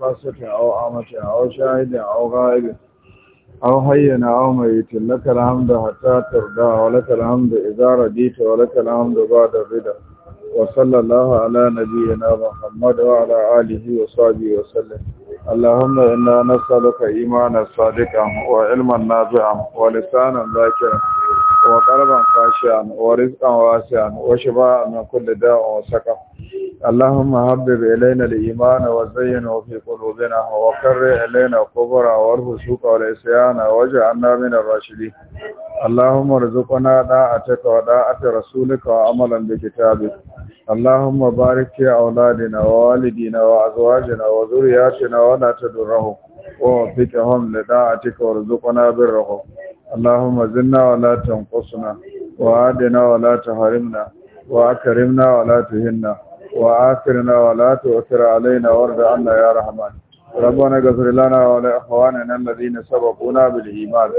masata aw amata aw shahida aw ghaib aw hayyana aw mayyita laka alhamdu hatta tarda wa laka alhamdu idha radita wa laka alhamdu ba'da rida wa sallallahu ala nabiyyina muhammad wa ala alihi wa sahbihi wa sallam اللهم إنا نسألك إيمانا صادقا وعلما نافعا ولسانا ذاكرا وقلبا خاشعا ورزقا واسعا وشفاء من كل داء وسكر اللهم حبب إلينا الإيمان وزينه في قلوبنا وقرر إلينا الكبر والفسوق والإسيان واجعلنا من الراشدين اللهم رزقنا داعتك وداعت رسولك وعملا بكتابك اللهم بارك يا أولادنا ووالدينا وأزواجنا وذرياتنا ولا تدره وفكهم لداعتك ورزقنا بره اللهم زنا ولا تنقصنا وعادنا ولا تحرمنا وأكرمنا ولا تهنا وآخرنا ولا تؤثر علينا وارض عنا يا رحمن ربنا اغفر لنا ولإخواننا الذين سبقونا بالإيمان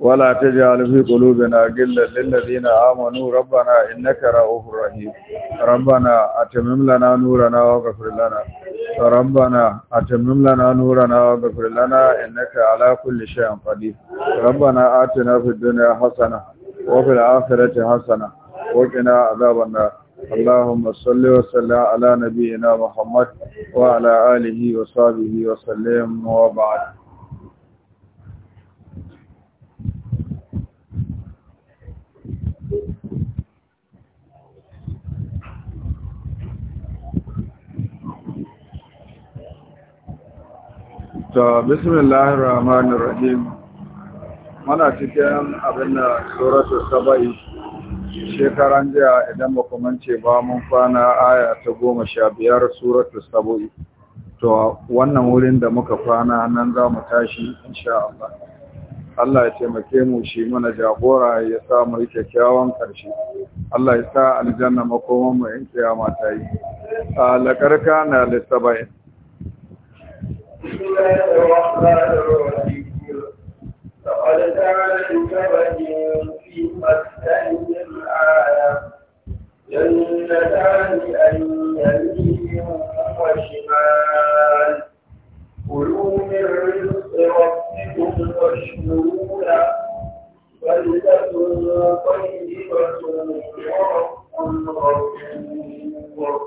ولا تجعل في قلوبنا غلا للذين آمنوا ربنا إنك رؤوف رحيم ربنا أتمم لنا نورنا واغفر لنا ربنا أتمم لنا نورنا واغفر لنا إنك على كل شيء قدير ربنا آتنا في الدنيا حسنة وفي الآخرة حسنة وقنا عذاب النار اللهم صل وسلم على نبينا محمد وعلى آله وصحبه وسلم وبعد بسم الله الرحمن الرحيم منا تكلم عن سورة الصبايا shekaran jiya idan ba mance ba mun kwana aya ta goma sha biyar suratu sabo'i to wannan wurin da muka kwana nan za mu tashi insha Allah Allah ya taimake mu shi mana jagora ya sa mu yi kyakkyawan ƙarshe Allah ya sa aljanna makoman mu in kiyama ta yi a lakarka na lissabai لقد في مسكن الآية جنتان أن يمين وشمال كلوا من رزق ربكم واشكروا له بلدة طيبة ورب غفور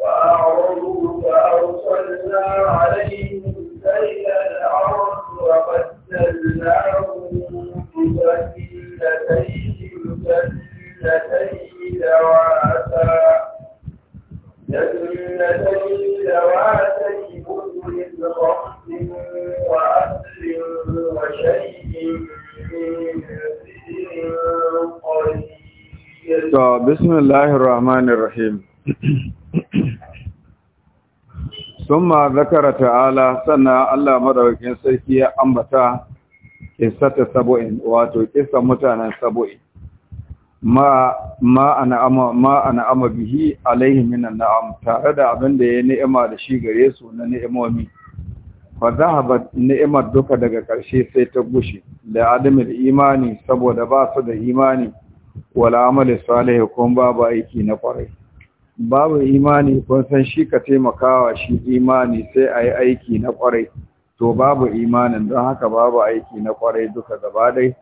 وأعرضوا فأرسلنا عليهم سيل الأرض وبدلناهم ببني الله الرحمن الرحيم ثم ذكر تعالى سنة الله مدوكين سيكي أنبتا kisata sabo'in, wato kisa mutanen sabo'in. ma ma ana ama ma ana ama bihi alaihi minan na'am tare da abin da ya ni'ima da shi gare su na ni'imomi fa zahaba ni'imar duka daga karshe sai ta gushe da adamin imani saboda ba su da imani wala amal salih kun babu aiki na kwarai babu imani kun san shi ka taimakawa shi imani sai ayi aiki na kwarai to babu imanin don haka babu aiki na kwarai duka gaba dai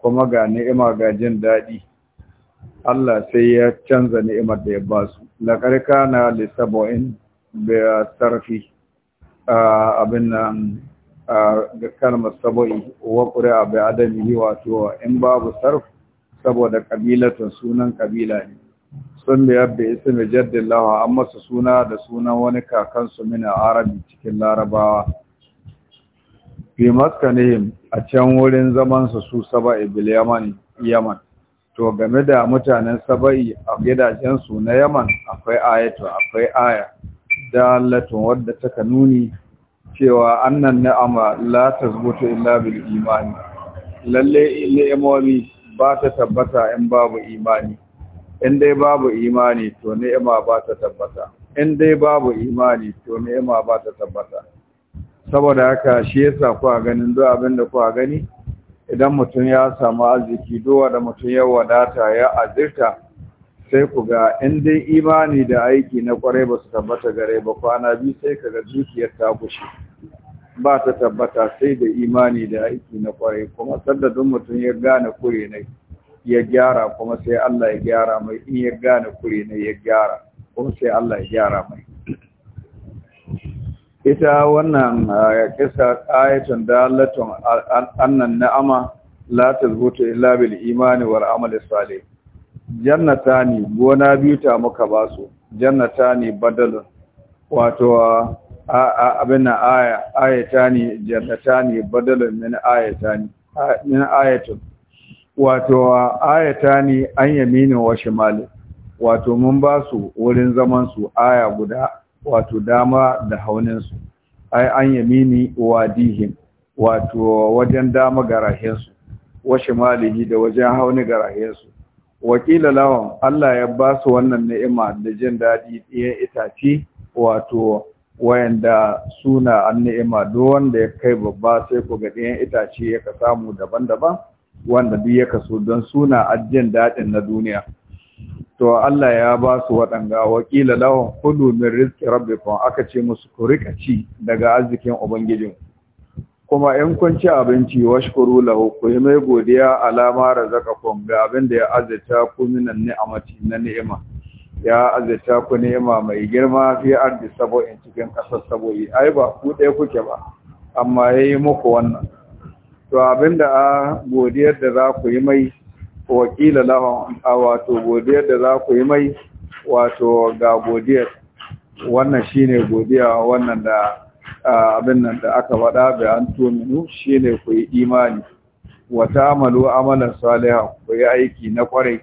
kuma ga ni'ima ga jin daɗi Allah sai ya canza ni'imar da ya ba su Lakarka na lissabo'in da sarfi abin nan kalmar sabo'i wa a bai adami wato in babu sarf saboda ƙabilatun sunan ƙabila ne sun biya bai isi mai jaddin lawa an masa suna da sunan wani kakansu mina arabi cikin larabawa fi maskanihim a can wurin zamansu su saba'i bil yaman to game da mutanen saba'i a gidajensu na yaman akwai ayatu akwai aya Da Allah wadda taka nuni cewa annan na'ama la tasbutu illa bil imani lalle ni'imomi ba ta tabbata in babu imani in dai babu imani to ni'ima ba ta tabbata in dai babu imani to ni'ima ba ta tabbata saboda haka shi yasa kuwa ganin duk abin da kuwa gani idan mutum ya samu arziki duwa da mutum ya wadata ya azirta sai ku ga in dai imani da aiki na kwarai ba su tabbata gare ba kwana biyu sai ka ga dukiyar ta gushe ba ta tabbata sai da imani da aiki na kwarai kuma sanda duk mutum ya gane kure ne ya gyara kuma sai Allah ya gyara mai in ya gane kure ne ya gyara kuma sai Allah ya gyara mai ita wannan eh, kisa ayatun dalatun annan na'ama la tazbutu illa bil imani wal amal salih jannatani gona biyu ta muka basu jannatani badalun wato abin na aya ayatani jannatani badalun min ayatani min ayatun wato ayatani an yaminin wa shimali wato mun basu wurin zaman su aya guda wato dama da hauninsu ai an yamini wadihim wato wajen dama garahensu wa shimalihi da wajen hauni garahensu wakila lawan Allah ya ba su wannan ni'ima da jin daɗi ɗiyan itace wato wayanda suna an ni'ima duk wanda ya kai babba sai ku ga ɗiyan itace ya ka samu daban-daban wanda duk ya kaso don suna ajin daɗin na duniya to Allah ya ba su waɗanga wakila lawan kulu min rizqi kuma aka ce musu ku rika ci daga arzikin ubangijin kuma in kun ci abinci washkuru lahu ku yi mai godiya alama kun ga abin da ya azata ku minan ni'amati na ni'ima ya azata ku ni'ima mai girma fi ardi sabo'in cikin kasar sabo'i ai ba ku ɗaya kuke ba amma ya yi muku wannan to abin da a godiyar da za ku yi mai wakila lahum a wato godiyar da za ku yi mai wato ga godiyar wannan shine godiya wannan da abin nan da aka faɗa da an tuminu shine ku yi imani wa amalu amalan Saliha, ku yi aiki na kwarai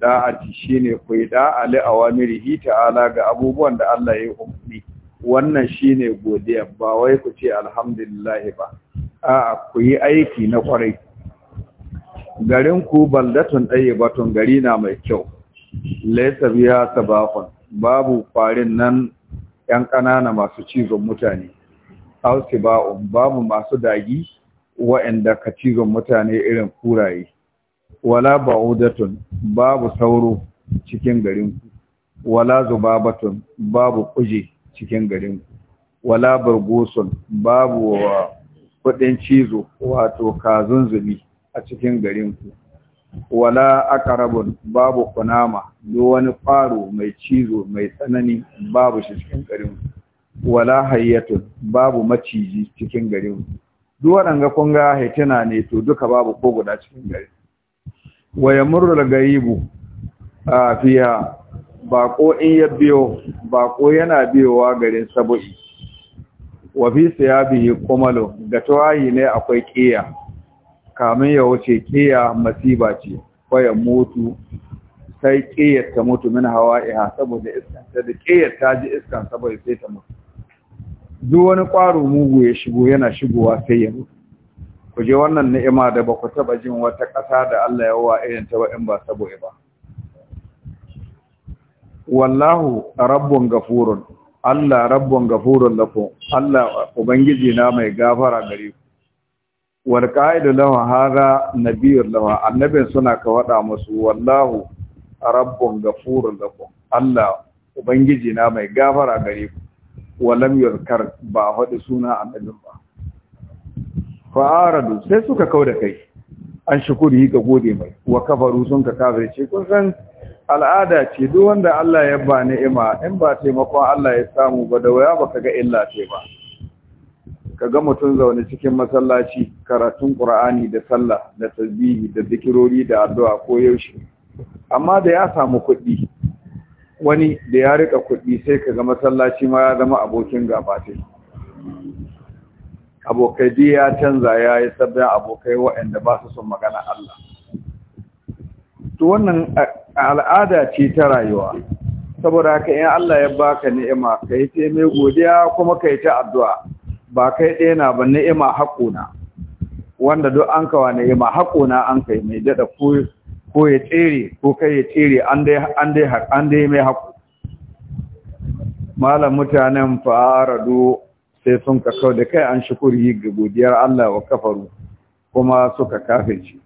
da shi shine ku yi da'a li awamirihi ta'ala ga abubuwan da Allah ya umarni wannan shine godiya ba wai ku ce alhamdulillah ba a'a ku yi aiki na kwarai garin ku baldatun ɗaya batun gari na mai kyau laisa biya babu kwarin nan ‘yan ƙanana masu cizon mutane hausi ba'un babu masu dagi wa'anda ka cizon mutane irin kuraye wala ba'udatun babu sauro cikin garin ku wala zubabatun babu kuje cikin garinku. ku wala bargoson babu wa kudin cizo wato zubi. a cikin garinku wala akarabun babu kunama duk wani faro mai cizo mai tsanani babu shi cikin garinku wala hayyatun babu maciji cikin garinku duk ga kun ga haitina ne to duka babu ko guda cikin garin wa yamurru al a fiya bako in ya biyo bako yana biyowa garin sabo'i wa fi siyabihi kumalu ga tawayi ne akwai ƙiya kamin ya wuce keya masiba ce kwaya mutu sai ƙiyar ta mutu min hawa iha saboda iskan ta da ƙiyar ta ji iskan saboda sai ta mutu duk wani kwaro mugu ya shigo yana shigowa sai ya mutu ku je wannan ni'ima da ba ku taɓa jin wata ƙasa da Allah ya wa irin ta in ba saboda ba wallahu rabbun gafurun Allah rabbun gafurun lakum Allah ubangiji na mai gafara gare ku wal qa'idu lahu hadha nabiyyu lahu annabin suna ka wada musu wallahu rabbun ghafurun lakum Allah ubangiji na mai gafara gare ku walam yurkar ba hadu suna annabin ba fa aradu sai suka kauda kai an shukuri ga gode mai wa kafaru sun ka kafirce kun san al'ada ce duk wanda Allah ya ba ni'ima in ba taimakon Allah ya samu ba da waya baka ga illa ce ba Ka ga mutum zaune cikin masallaci karatun qur'ani da sallah da tasbihi da zikirori da addu'a ko yaushe amma da ya samu kuɗi wani da ya rika kuɗi sai ka ga masallaci ma ya zama abokin gaba abokai biyu ya canza ya yi sabbin abokai waɗanda ba su son magana Allah to wannan al'ada ce ta rayuwa saboda haka in Allah ya baka ni'ima kai yi mai godiya kuma kai ta addu'a ba kai ɗaya na ba ni'ima haƙuna wanda duk an kawa ni'ima haƙuna an kai mai daɗa ko ya tsere ko kai ya tsere an dai mai haƙu malam mutanen Fara do sai sun ka kawo da kai an shukuri ga godiyar Allah wa kafaru kuma suka kafirci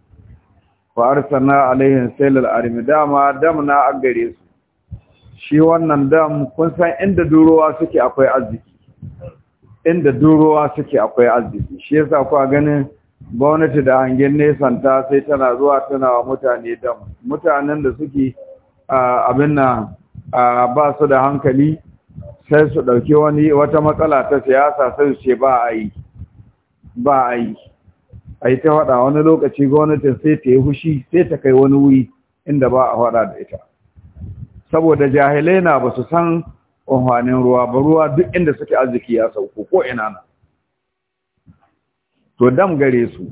fa arsalna alaihim sailal armi dama damna a gare su shi wannan dam kun san inda durowa suke akwai arziki inda durowa suke akwai arziki shi yasa kuwa ganin gwamnati da hangen nesan ta sai tana zuwa tana wa mutane da mutanen da suke abin na ba su da hankali sai su ɗauki wani wata matsala ta siyasa sai su ce ba a yi ba a yi a yi ta faɗa wani lokaci gwamnatin sai ta yi hushi sai ta kai wani wuri inda ba a faɗa da ita saboda jahilai na ba su san ƙwanin ruwa ba ruwa duk inda suke arziki ya sauko ko ina na to dam gare su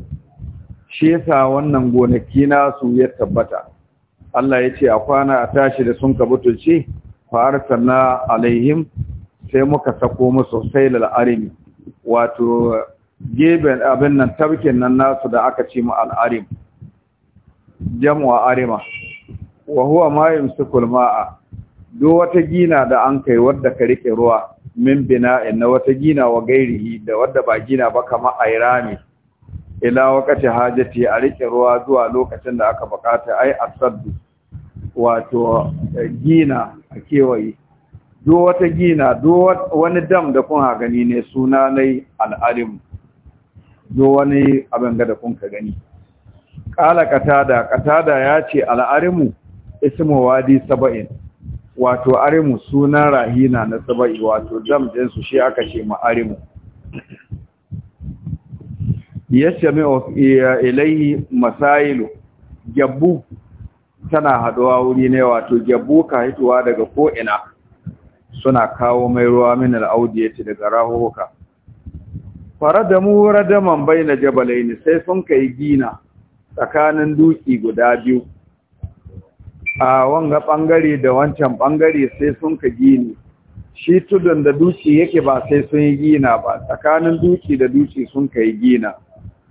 shi yasa wannan gonaki nasu ya tabbata Allah ya ce a kwana a tashi da sun kabutulce fa na alaihim sai muka sako musu sailal arimi wato geben abin nan tabkin nan nasu da aka ce mu al'arim jam'a arima wa huwa ma yumsikul ma'a duk wata gina da an kai wadda ka rike ruwa min bina'in na wata gina wa gairihi da wadda ba gina ba kama a rami ila wakati hajati a rike ruwa zuwa lokacin da aka bukata ai asaddu wato eh, gina a kewaye duk wata gina duk wani dam da kun gani ne suna nai al'alim duk wani abin ga da kun ka gani kala katada katada yace ce al'arimu ismu wadi saba'in wato arimu sunan rahina na saba'i wato dam su shi aka ce ma arimu of e, ilayhi masailu gyabu tana haɗuwa wuri ne wato gyabu ka hituwa daga ko'ina suna kawo mai ruwa min al'audiyati daga rahoka faradamu radaman jabalai jabalaini sai sun kai gina tsakanin duki guda biyu a wanga bangare da wancan bangare sai sun ka gini shi tudun da duki yake ba sai sun yi gina ba tsakanin duki da duki sun ka yi gina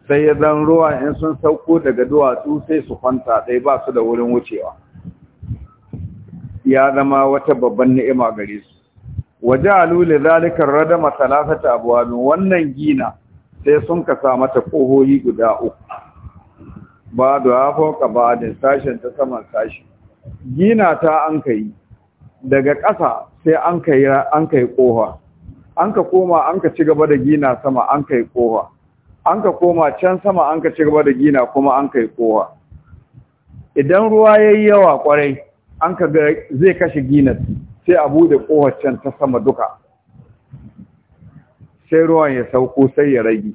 sai ya zan ruwa in sun sauko daga duwatsu sai su kwanta ɗaya ba su da wurin wucewa ya zama wata babban ni'ima gare su waje li zalika radama talafata abuwa wannan gina sai sun ka sa mata kohohi guda uku ba da hafo ka ba da sashen ta saman sashi gina ta an kai daga ƙasa sai an kai an kai kofa an ka koma an ka ci gaba da gina sama an kai kofa an ka koma can sama an ka ci gaba da gina kuma an kai kofa idan ruwa yayi yawa kwarai an ka ga zai kashe gina sai a bude kofar can ta sama duka sai ruwan ya sauko sai ya rage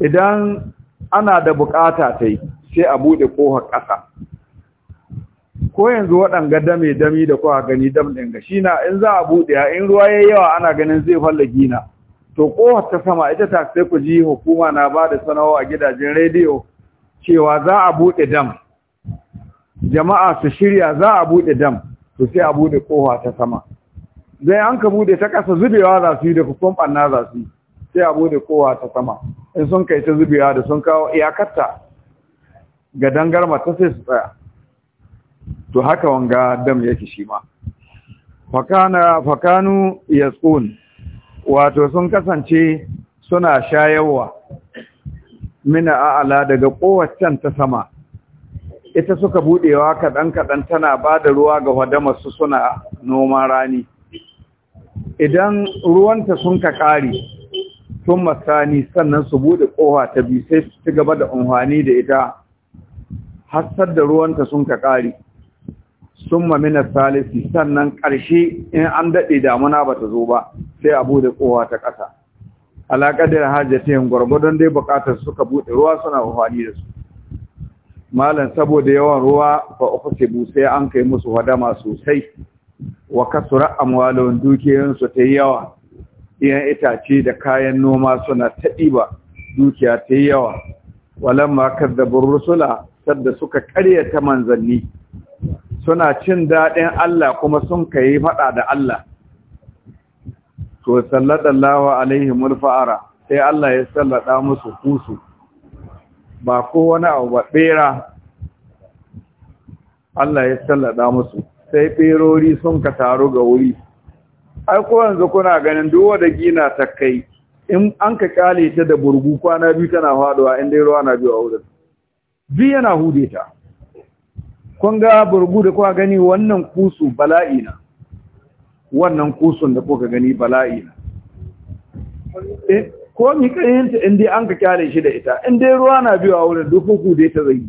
idan ana da bukata ta yi sai a buɗe ƙofar ƙasa ko yanzu waɗanga dame dami da kuka gani dam ɗin ga shi na in za a buɗe ya in ruwa ya yawa ana ganin zai falla gina to ƙofar ta sama ita ta sai ku ji hukuma na ba da sanawa a gidajen rediyo cewa za a buɗe dam jama'a su shirya za a buɗe dam to sai a buɗe ƙofa ta sama zai an ka buɗe ta ƙasa zubewa za su yi da kukun ɓanna za su yi sai a buɗe ƙofa ta sama in sun kai ta zubewa da sun kawo iyakarta ga dangarma ta sai su tsaya to haka wanga dam yake shi ma fakana fakanu yasqun wato sun kasance suna shayarwa mina a'ala daga kowaccen ta sama ita suka budewa kadan kadan tana bada ruwa ga hadamar su suna noma rani idan ruwanta sun ka kare sun masani sannan su bude kowa ta bi sai su ci gaba da unhwani da ita hassar da ruwanta sun ka ƙari sun mamina salisi sannan ƙarshe in an daɗe damuna ba ta zo ba sai a buɗe ƙowa ta ƙasa alaƙadar hajjatayin gwargwadon dai buƙatar suka buɗe ruwa suna amfani da su malam saboda yawan ruwa ba uku sai an kai musu hadama sosai wa kasura amwalon dukiyarsu ta yi yawa iyan itace da kayan noma suna ta ɗiba dukiya ta yi yawa walamma kadda burrusula sadda suka karyata manzanni suna cin daɗin Allah kuma sun kai faɗa da Allah to sallallahu alaihi Murfa’ara, sai Allah ya sallada musu kusu ba ko wani abu ba bera Allah ya sallada musu sai berori sun ka taro ga wuri ai ko yanzu kuna ganin duk wanda gina takai. in an ka kale ta da burgu kwana biyu tana faduwa in dai ruwa na biyu a wurin duk yana hude ta kun ga burgu da kuwa gani wannan kusu bala'i na wannan kusun da kuka gani bala'i na eh, ko mi kayanta inda an ka kyale shi da ita inda dai ruwa na biyo a wurin dukuku dai ta zai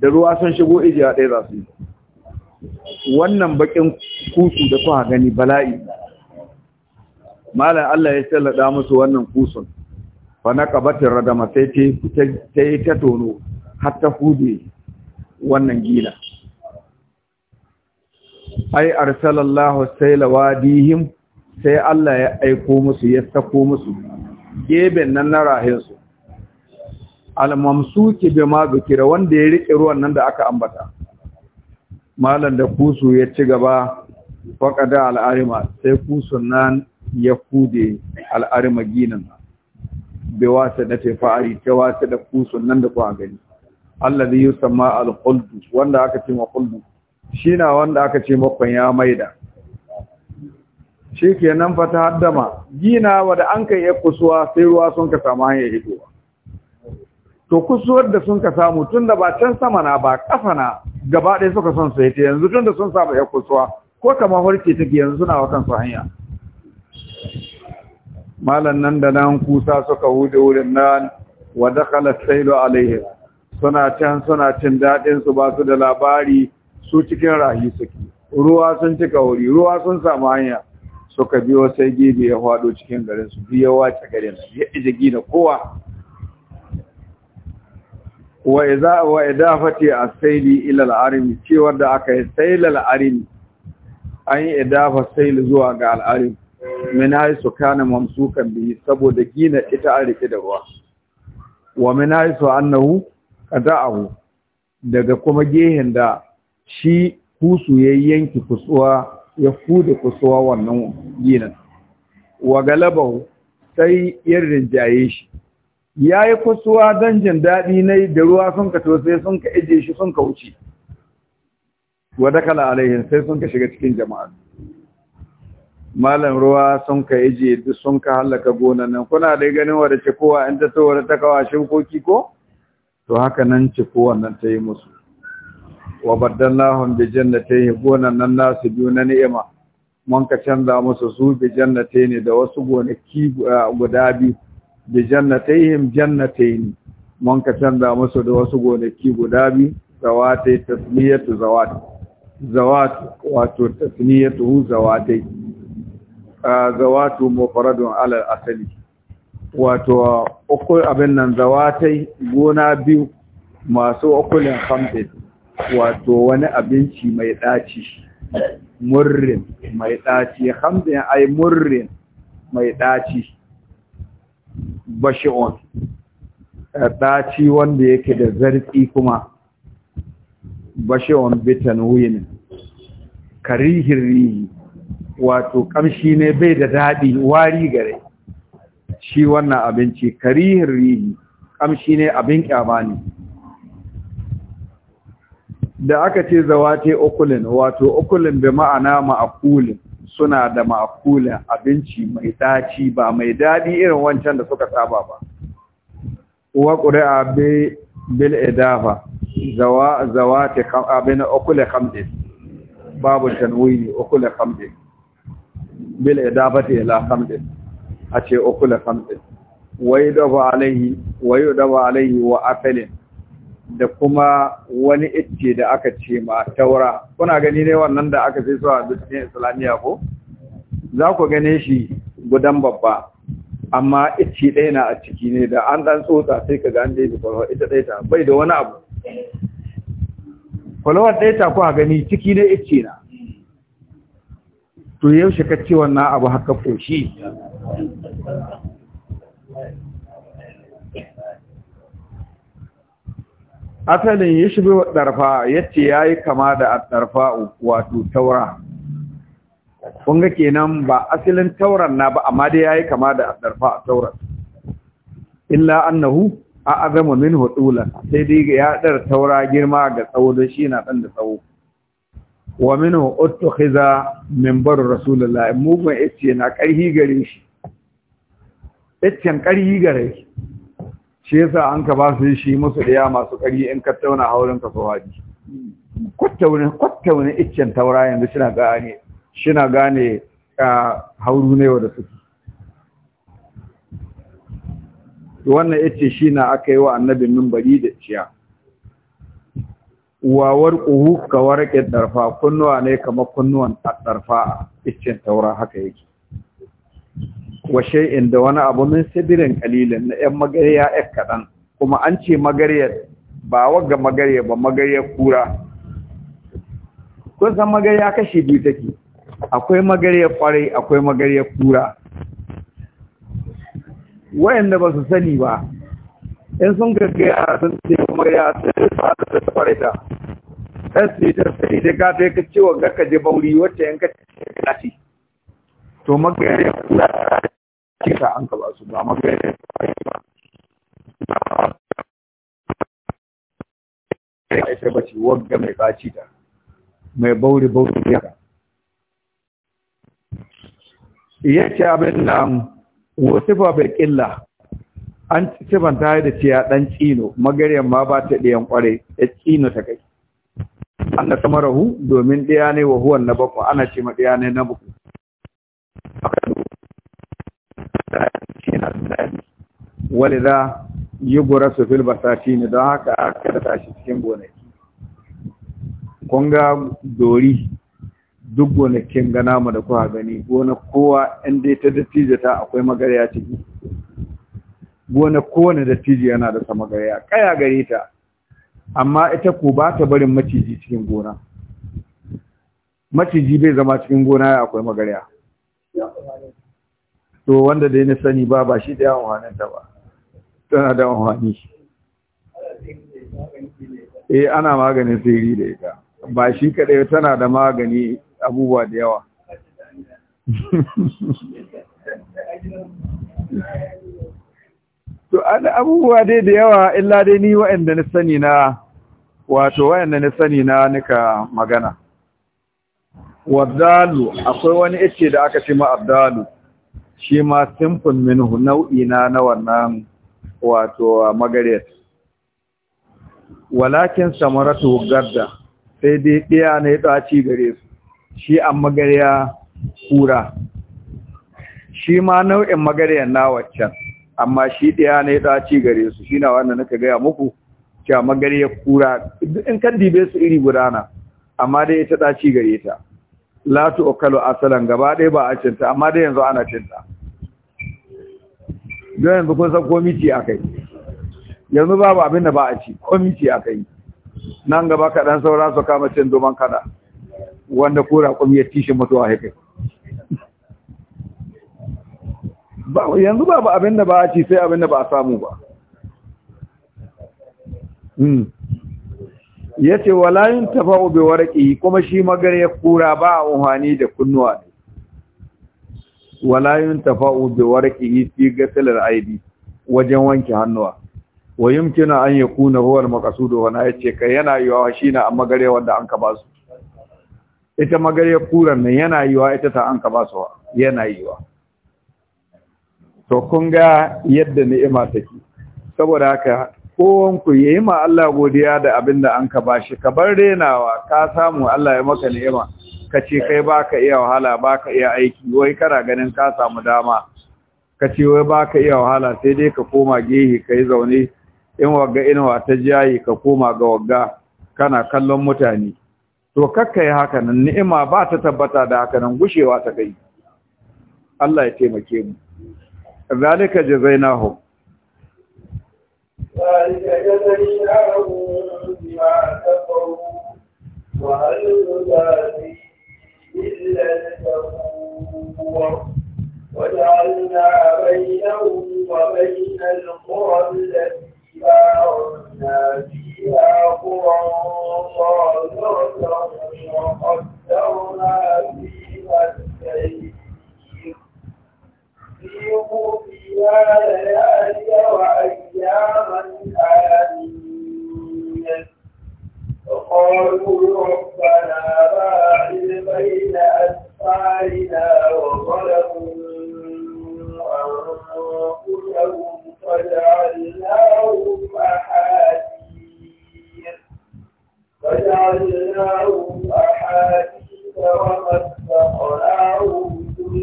da ruwa sun shigo ijiya ɗaya za su yi wannan bakin kusu da kuwa gani bala'i malam Allah ya sallada musu wannan kusun fa na kabatin radama sai ta yi ta tono har ta hude wannan gila ai arsalallahu sai lawadihim sai Allah ya aiko musu ya sako musu geben nan na rahinsu almamsuki bima da wanda ya riƙe ruwan nan da aka ambata Malam da kusu ya ci gaba faƙada al'arima sai kusu nan ya kude al'arima ginin bi wasa da tafari ta wasa da kusun nan da kuwa gani alladhi yusamma al-quld wanda aka ce ma shi shine wanda aka ce makon ya maida shikenan fa ta haddama gina wanda an kai ya kusuwa sai ruwa sun ka samu hanyar hidowa to kusuwar da sun ka samu tunda ba can sama na ba kafa na gaba ɗaya suka son su ta yanzu tunda sun samu ya kusuwa ko kama horke take yanzu suna wa kansu hanya malan nan da nan kusa suka hude wurin nan wa dakhala sailu alaihi suna can suna cin daɗin su ba su da labari su cikin rahi suke ruwa sun cika wuri ruwa sun samu hanya suka biyo sai gebe ya faɗo cikin garin su biya wace garin su ya ije gina kowa wa idza wa idafati as-sayli ila al-arim cewar da aka yi sayl al-arim an yi idafa sayl zuwa ga al-arim min haisu kana mamsukan bi saboda gina ita an da ruwa wa min su annahu abu, daga kuma gehen da shi kusu ya yanki kusuwa ya fude kusuwa wannan ginin wa galabahu sai ya rinjaye shi ya yi kusuwa don jin daɗi na da ruwa sun ka tosai sun ka ije shi sun ka wuce wa dakala alaihin sai sun ka shiga cikin jama'a malam ruwa sun ka ije duk sun ka hallaka gonan nan kuna dai ganin wadda ce kowa in ta so wadda ta kawo shimkoki ko to haka nan ci wannan ta yi musu wa baddallahum bi jannatayn gonan nan nasu biyu na ni'ima mun ka canza musu su bi ne da wasu gonaki ah, guda biyu bi jannatayhim jannatayn mun ka canza musu da wasu gonaki guda biyu zawatai tasmiyatu zawat zawat wato tasmiyatu zawatai ah, zawatu mufradun ala asali wato uku abin nan zawatai gona biyu masu okulin hamdin wato wani abinci mai ɗaci murrin mai ɗaci hamdin ai murrin mai ɗaci bashi'on eh, ɗaci wanda yake da zarfi kuma bashi'on bitan wuyin karihin rihi wato ƙamshi ne bai da daɗi wari gare shi wannan abinci karihin rihi shi ne abin kyama ne da aka ce zawate Okulin, wato okulin bi ma'ana ma'akulin suna da ma'akulin abinci mai daci ba mai daɗi irin wancan da suka saba ba wa ƙuri'a bil edafa zawa zawate abin okulin khamdin babu tanwini okulin khamdin bil ta ila khamdin a ce da khamsin wai daba alaihi wai alaihi wa afalin da kuma wani icce da aka ce ma taura kuna gani ne wannan da aka sai suwa a dukkan islamiyya ko za ku gane shi gudan babba amma icce ɗaya na a ciki ne da an ɗan tsotsa sai ka ga an ɗaya kwalwa ita ɗaya ta bai da wani abu kwalwar ɗaya ta ku gani ciki ne icce na to yaushe ka ce wannan abu haka shi asalin ya shi biyu ɗarfa yace ya yi kama da ɗarfa wato taura ƙunga kenan ba asalin tauran na ba amma dai ya yi kama da ɗarfa a tauran illa annahu a azama min hudulan sai dai ya ɗar taura girma ga tsawo don shi na ɗan da tsawo wa min hudu khiza min bar rasulullahi mugun ce na ƙarhi gare shi iccen ƙari gare shi yasa an ka ba su shi musu ɗaya masu ƙari in ka tauna haurin ka so waji kwattauna kwattauna iccen taura yanzu shi na gane na gane hauru ne wanda suke wannan icce shi na aka yi wa annabin mimbari da ciya wawar ƙuhu ka warƙe ɗarfa kunnuwa ne kamar kunnuwan ɗarfa a iccen taura haka yake wa shay'in da wani abu min sidirin qalilin na yan magariya yak kadan kuma an ce magariyar ba wagga magariya ba magariyar kura kun san magariya kashi biyu take akwai magariyar kwarai akwai magariyar kura wayanda ba su sani ba in sun gaggaya sun ce magariya sai ba da kwarai ta ɗan su yi ta sai da ka ta yi ka ce wa bauri wacce yanka ce to magariya kura kisa an ka ba su ba magana ya isa ba ce wagga mai baci da mai bauri bauri ya ka iya ce abin da wasifa bai ƙilla an sifanta da ciya ɗan tsino magaryan ma ba ta ɗiyan kwarai, ya tsino ta kai an da samarahu domin ɗiya ne wa huwan na bakwai ana ce ma ɗiya ne na bakwai da da walida yi su fil basati ne don haka aka da tashi cikin gonaki kun ga dori duk gonakin gana mu da kuka gani gona kowa in dai ta dattijo ta akwai magariya ciki gona kowane dattijo yana da ta magariya kaya gare ta amma ita ku ba ta barin maciji cikin gona maciji bai zama cikin gona ya akwai magariya to wanda dai na sani ba ba shi da yawan ta ba tana da amfani eh ana maganin sirri da ita ba shi kadai tana da magani abubuwa da yawa to an abubuwa dai da yawa illa dai ni wa'anda na sani na wato wa'anda na sani na nika magana wadalu akwai wani ice da aka ce ma abdalu shi ma simfin minhu nau'i na wannan wato magaret walakin samaratu gadda sai dai ɗaya ne ɗaci gare su shi an magarya kura shi ma nau'in magarya na waccan amma shi ɗaya ne ɗaci gare su shi na wannan naka gaya muku cewa magarya kura in kan dibe su iri gudana amma dai ita ɗaci gare ta la okalo asalan gaba ɗaya ba a cinta amma dai yanzu ana cinta don yanzu kun san komiti kai yanzu babu abin da ba a ci komiti kai nan gaba kaɗan saura su kama cin domin kada wanda kura kuma ya tishin mutuwa haikai yanzu babu abin da ba a ci sai abin da ba a samu ba hmm. ya ce walayin tafa bi warƙi kuma shi ya kura ba a unhani da kunnuwa ne walayin tafa ube warƙi fi gasilar aidi wajen wanke hannuwa wa yumkina an kuna huwa makasu da wa ya ce ka yana wa shi na amma gare wanda an ka ba su ita magare kura nan yana wa ita ta an ka ba su yana yiwa to kun ga yadda ni'ima take saboda haka kowanku ya yi ma Allah godiya da abin da an ka shi ka bar renawa ka samu Allah ya maka ni'ima ka ce kai ba ka iya wahala ba ka iya aiki wai kana ganin ka samu dama ka ce wai ba ka iya wahala sai dai ka koma gehe ka yi zaune in wagga wa ta jayi ka koma ga wagga kana kallon mutane to kakka yi haka nan ni'ima ba ta tabbata da haka nan gushewa ta kai Allah ya taimake mu zalika jazainahu. ذلك جزيناهم بما كفروا وهل نجازي إلا الكفور وجعلنا بينهم وبين القرى التي باركنا فيها قرى صادرة وقدرنا فيها السير في فيها ليالي وأياما آمين وقالوا ربنا باعد بين أسفارنا وظلموا أنفسهم فجعلناهم أحاديث فجعلناهم أحاديث ومسخناهم كل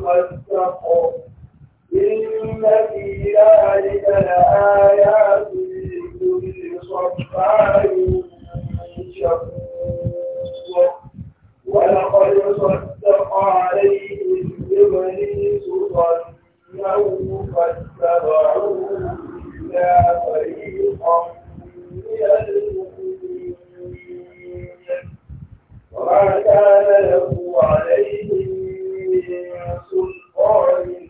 ممسخ إن في ذلك لآيات لكل صبار شكور ولقد صدق عليهم إبليس ظنه فاتبعوه إلا فريقا من المؤمنين وما كان له عليه من سلطان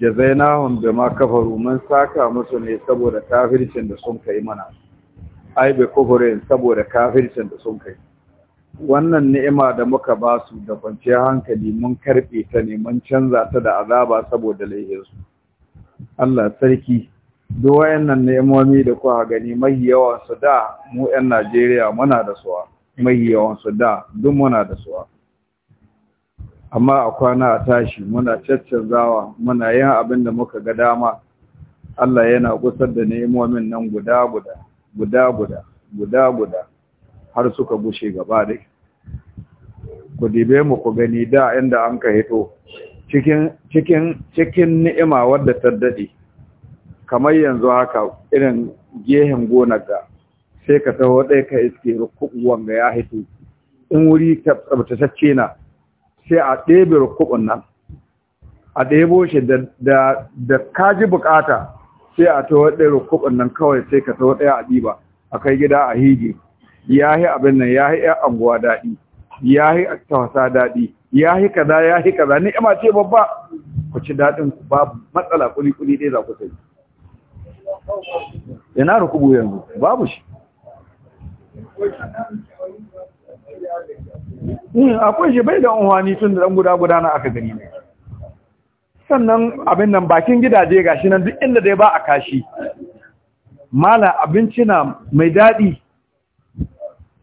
jazainahum ma kafaru mun saka musu ne saboda kafircin da sun kai mana ai be saboda kafircin da sun kai wannan ni'ima da muka ba su da kwanciyar hankali mun karfe ta ne mun canza ta da azaba saboda laihinsu Allah sarki duk wayannan ni'imomi da kuka gani mai yawan su da mu 'yan Najeriya muna da suwa mai yawan su da duk muna da suwa amma a kwana a tashi muna caccanzawa muna yin abin da muka ga dama Allah yana gusar da ni'imomin nan guda guda guda guda guda guda har suka gushe gaba dai ku dibe mu ku gani da inda an ka hito cikin cikin cikin ni'ima wadda ta dade kamar yanzu haka irin gehen gonar ga sai ka taho dai ka iske rukuwan ga ya hito in wuri tsabtace na sai a ɗebe rukubun nan a ɗebo shi da kaji bukata sai a ta ɗaya rukubun nan kawai sai ka ta ɗaya a ɗiba a kai gida a hige ya yi abin nan ya yi ‘yan anguwa daɗi ya yi tawasa daɗi ya yi kaza ya yi kaza ni ima ce babba ku ci daɗin ku. babu matsala kuli-kuli ɗaya za ku sai yana rukubu yanzu babu shi Hmm, akwai shi bai da unwani tun da ɗan guda guda na aka gani sannan abin nan bakin gidaje ga shi nan duk inda dai ba a kashi mala abinci na mai daɗi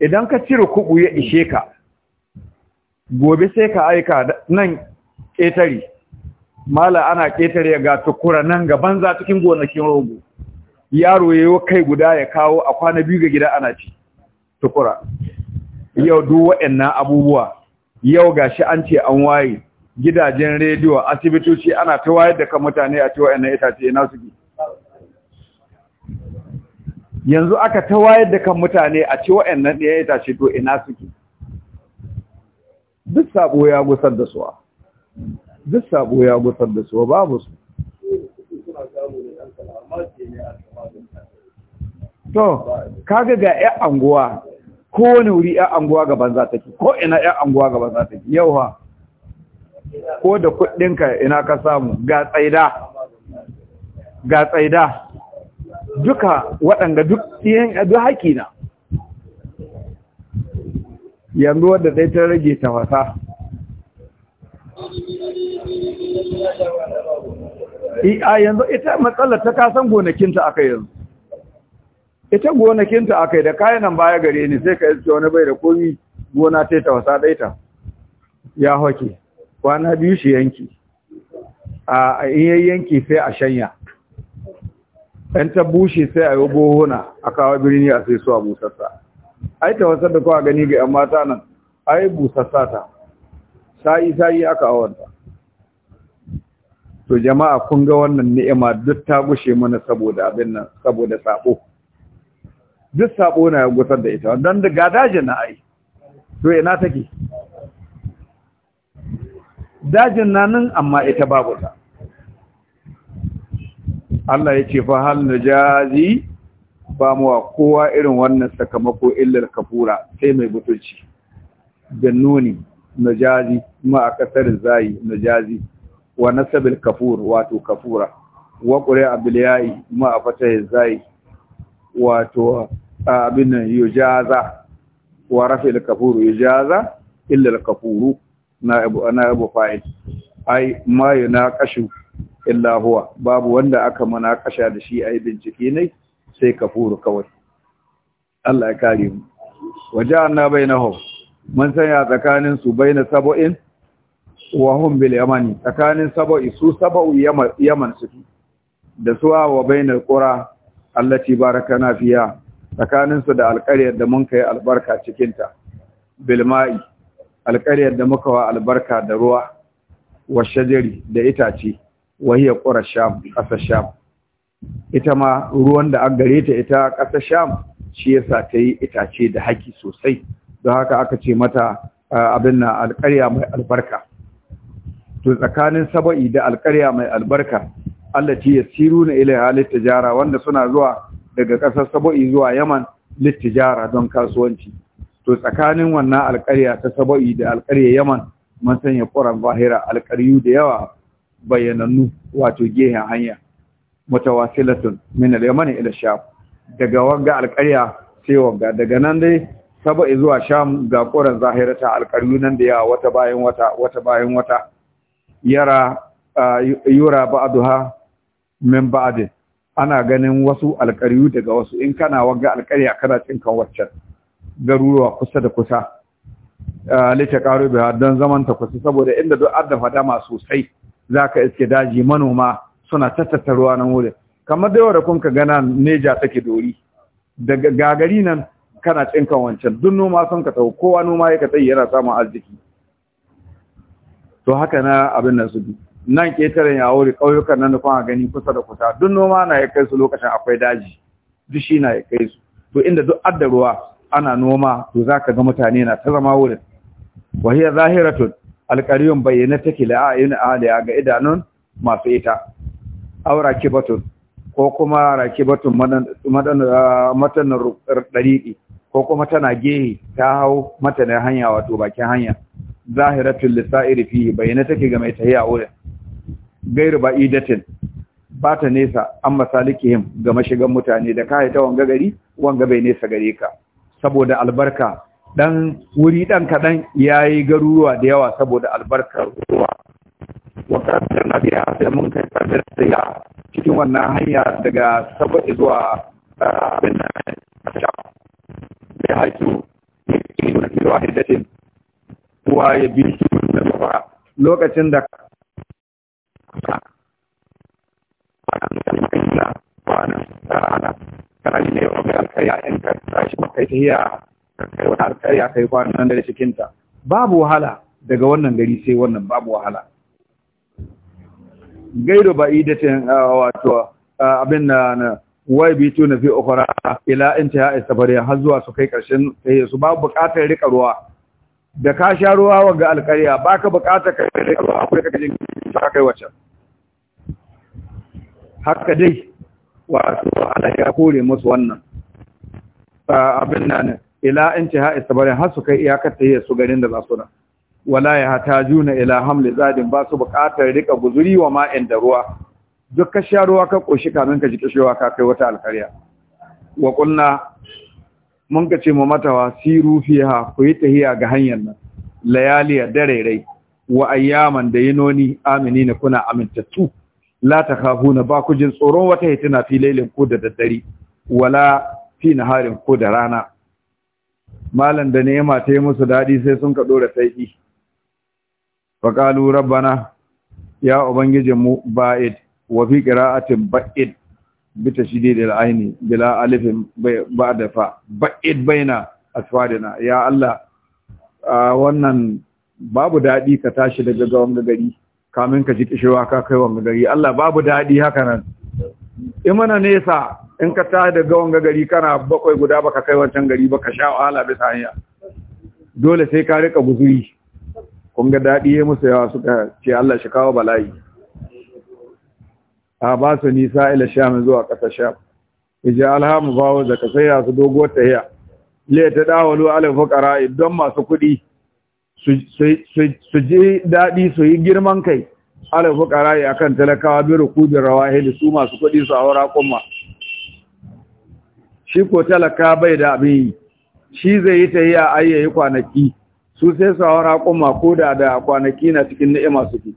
idan ka cire kuɓu ya ishe ka gobe sai ka aika nan ƙetare mala ana ƙetare ga tukura nan gaban za cikin gonakin rogo yaro ya yi kai guda ya kawo a kwana biyu ga gida ana ci tukura yau duk waɗannan abubuwa yau gashi an ce an waye gidajen rediyo asibitoci ana ta wayar da kan mutane a cewa ina itace ina suke yanzu aka ta wayar da kan mutane a cewa ina ɗaya ce to ina suke duk sabo ya gusar da suwa duk sabo ya gusar da suwa babu su to kaga ga 'yan anguwa kowane wuri 'yan anguwa gaban za ta ke ko ina 'yan anguwa gaban za ta ke yau ha ko da kudinka ina ka samu ga tsaida ga tsaida duka waɗanda duk yin adu haƙi na yanzu wadda zai ta rage ta wasa a yanzu ita matsalar ta kasan gonakinta aka yanzu ita gonakinta kai da kayan nan baya gare ni sai ka iske wani bai da komi gona ta ta wasa ɗaita. ya hoke kwana biyu shi yanki a iya yanki sai a shanya ɗan ta bushe sai a yi bohuna a kawo birni a sai suwa busassa ai ta wasar da kowa gani ga 'yan mata nan ai busassa ta sa'i sa'i aka awanta to jama'a kun ga wannan ni'ima duk ta gushe mana saboda abin nan saboda sabo duk sabo na gusar da ita don da gadajin na ai to ina take dajin na nan amma ita babu ta Allah ya ce fa hal najazi ba wa kowa irin wannan sakamako illar kafura sai mai butulci Gannoni najazi ma a kasar zai najazi wa nasabil kafur wato kafura wa qura abiliyai ma a fata zai wato abin nan yujaza wa rafil kafuru yujaza illa al-kafuru na abu na abu fa'il ai ma yunaqashu illa huwa babu wanda aka munakasha da shi ai bincike ne sai kafuru kawai Allah ya kare mu waja'alna bainahum mun sanya tsakanin su baina sabo'in wa hum bil yamani tsakanin sabo'i su sabo'u yaman su da suwa wa bainal qura allati barakana fiha tsakaninsu da alƙaryar da mun kai albarka cikinta bilma'i alƙaryar da muka wa albarka da ruwa wa shajari da itace wahiyar ƙura sham ƙasa sham ita ma ruwan da an gare ta ita ƙasa sham shi yasa ta yi itace da haki sosai don haka aka ce mata abin na alƙarya mai albarka to tsakanin saba'i da alƙarya mai albarka Allah ya siru na ilai halitta jara wanda suna zuwa daga ƙasar saba'i zuwa yaman littijara don kasuwanci to tsakanin wannan alƙarya ta saba'i da alƙarya yaman mun sanya ƙuran bahira alƙaryu da yawa bayyanannu wato gehen hanya mutawasilatun min al-yaman ila sham daga wanga alƙarya sai wanga daga nan dai saba'i zuwa sham ga ƙuran ta alƙaryu nan da yawa wata bayan wata wata bayan wata yara yura ba'duha min ba'din ana ganin wasu alƙaryu daga wasu in kana wagga alƙarya kana cinkan waccan garuruwa kusa da kusa eh, lita ƙaro biya don zaman ta kusa saboda inda duk adda fadama sosai za ka iske daji manoma suna tattattaruwa nan wurin kamar da yawa kun ka gana neja take dori daga gagari nan kana cinkan wancan duk noma sun ka tau kowa noma ya ka tsayi yana samun arziki to haka na abin nan su bi nan ƙetaren ya wuri ƙauyukan nan da kuma gani kusa da kusa duk noma na ya kai su lokacin akwai daji duk shi na ya kai su to inda duk adda ruwa ana noma to za ka ga mutane na ta zama wurin wahiyar zahiratun alƙariyun bayyana take la'ayin ahaliya ga idanun masu ita aura kibatun ko kuma rakibatun ah, matanar ɗariƙi ko kuma tana gehe ta hau matanar hanya wato bakin hanya zahiratul lisa'iri fi bayyana take ga mai tahiya wurin gairu ba idatin ba ta nesa an masalikihim ga mashigan mutane da ka ta wanga gari wanga bai nesa gare ka saboda albarka dan wuri dan kadan yayi garuruwa da yawa saboda albarka ruwa wata na biya sai mun kai da ya cikin wannan hanya daga saba'i zuwa ah, abin da ya da haitu ya ke nuna kilowa hidatin kuwa ya bi su da lokacin da wannan kalmar illa wannan ta'ala kana ne wa ga alƙarya in kai kai wata kai da ta babu wahala daga wannan gari sai wannan babu wahala gaido ba'idatin wato abin na wai bi tuna fi ukhra ila isa safariya har zuwa su kai karshen eh, su babu buƙatar rika ruwa da ka sha ruwa ga alƙariya ba ka buƙata ka kai ruwa akwai ka jin ka kai wacce haka dai wato Allah ya kore musu wannan abin nan ila intiha istibarin har su kai iyakar ta su garin da za su na wala ya juna ila hamli zadin ba su buƙatar rika guzuri wa ma'in da ruwa duk ka sha ruwa ka koshi kamin ka ji kishewa ka kai wata alƙariya wa qulna mun ka ce mu matawa siru fiha ku yi tahiya ga hanyar nan layaliya rairai wa ayyaman da yinoni ne kuna amintattu la takhafuna ba ku jin tsoron wata hitina fi lailin ko da daddare wala fi naharin ko da rana malan da ni'ima ta yi musu dadi sai sun ka dora saiki fa qalu rabbana ya ubangijin mu ba'id wa fi qira'atin ba'id bita shi dai da aini bila alifin ba da fa ba'id baina aswadina ya Allah wannan babu daɗi ka tashi daga gawan gari kamin ka ji kishewa ka kai wanga gari Allah babu daɗi haka nan in mana nesa in ka tashi daga gawan gari kana bakwai guda baka kai wancan gari baka sha wahala bisa hanya dole sai ka rika guzuri kun ga daɗi ya musu yawa suka ce Allah shi kawo bala'i a ba su nisa ila sham zuwa ƙasar sham ija alhamu bawa da ka sai su doguwar tahiya le ta dawalu alifu ƙara don masu kuɗi su ji daɗi su yi girman kai ala a akan talakawa bi rawa, hili su masu kuɗi su aura kuma shi ko talaka bai da abin yi shi zai yi tahiya ayyayi kwanaki su sai su aura kuma ko da da kwanaki na cikin ni'ima suke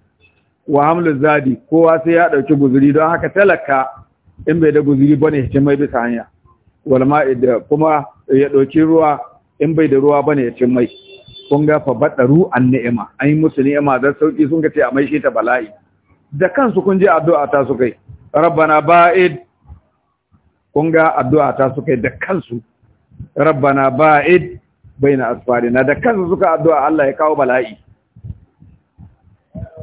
wa hamlin zadi kowa sai ya ɗauki guzuri don haka talaka in bai da guzuri bane ya ce mai bisa hanya walma da kuma ya ɗauki ruwa in bai da ruwa bane ya ce mai kun ga fa baɗa an ni'ima an yi musu ni'ima zan sauƙi sun ga ce a mai shi ta bala'i da kansu kun ji addu'a ta su kai rabbana ba'id kun ga addu'a ta su kai da kansu rabbana ba'id baina asfarina da kansu suka addu'a Allah ya kawo bala'i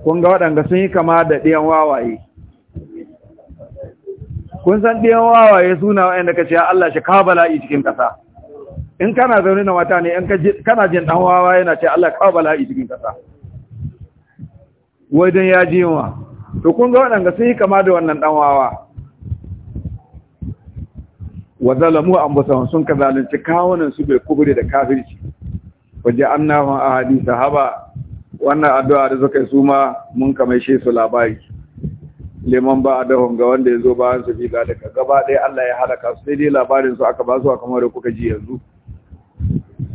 kun ga waɗanda sun yi kama da ɗiyan wawaye kun san ɗiyan wawaye suna waɗanda ka ce Allah shi kawo bala'i cikin ƙasa in kana zaune na wata ne in kana jin ɗan wawa yana ce Allah kawo bala'i cikin ƙasa wajen ya ji yunwa to kun ga waɗanda sun yi kama da wannan ɗan wawa wa zalamu sun ka zalunci kawunan su bai kubure da kafirci waje annahum ahadisa haba wannan addu'a da suka yi su ma mun shi su labari liman ba a dahon ga wanda ya zo bayan su fi dalika gaba ɗaya Allah ya halaka su sai dai labarin su aka ba su a kamar da kuka ji yanzu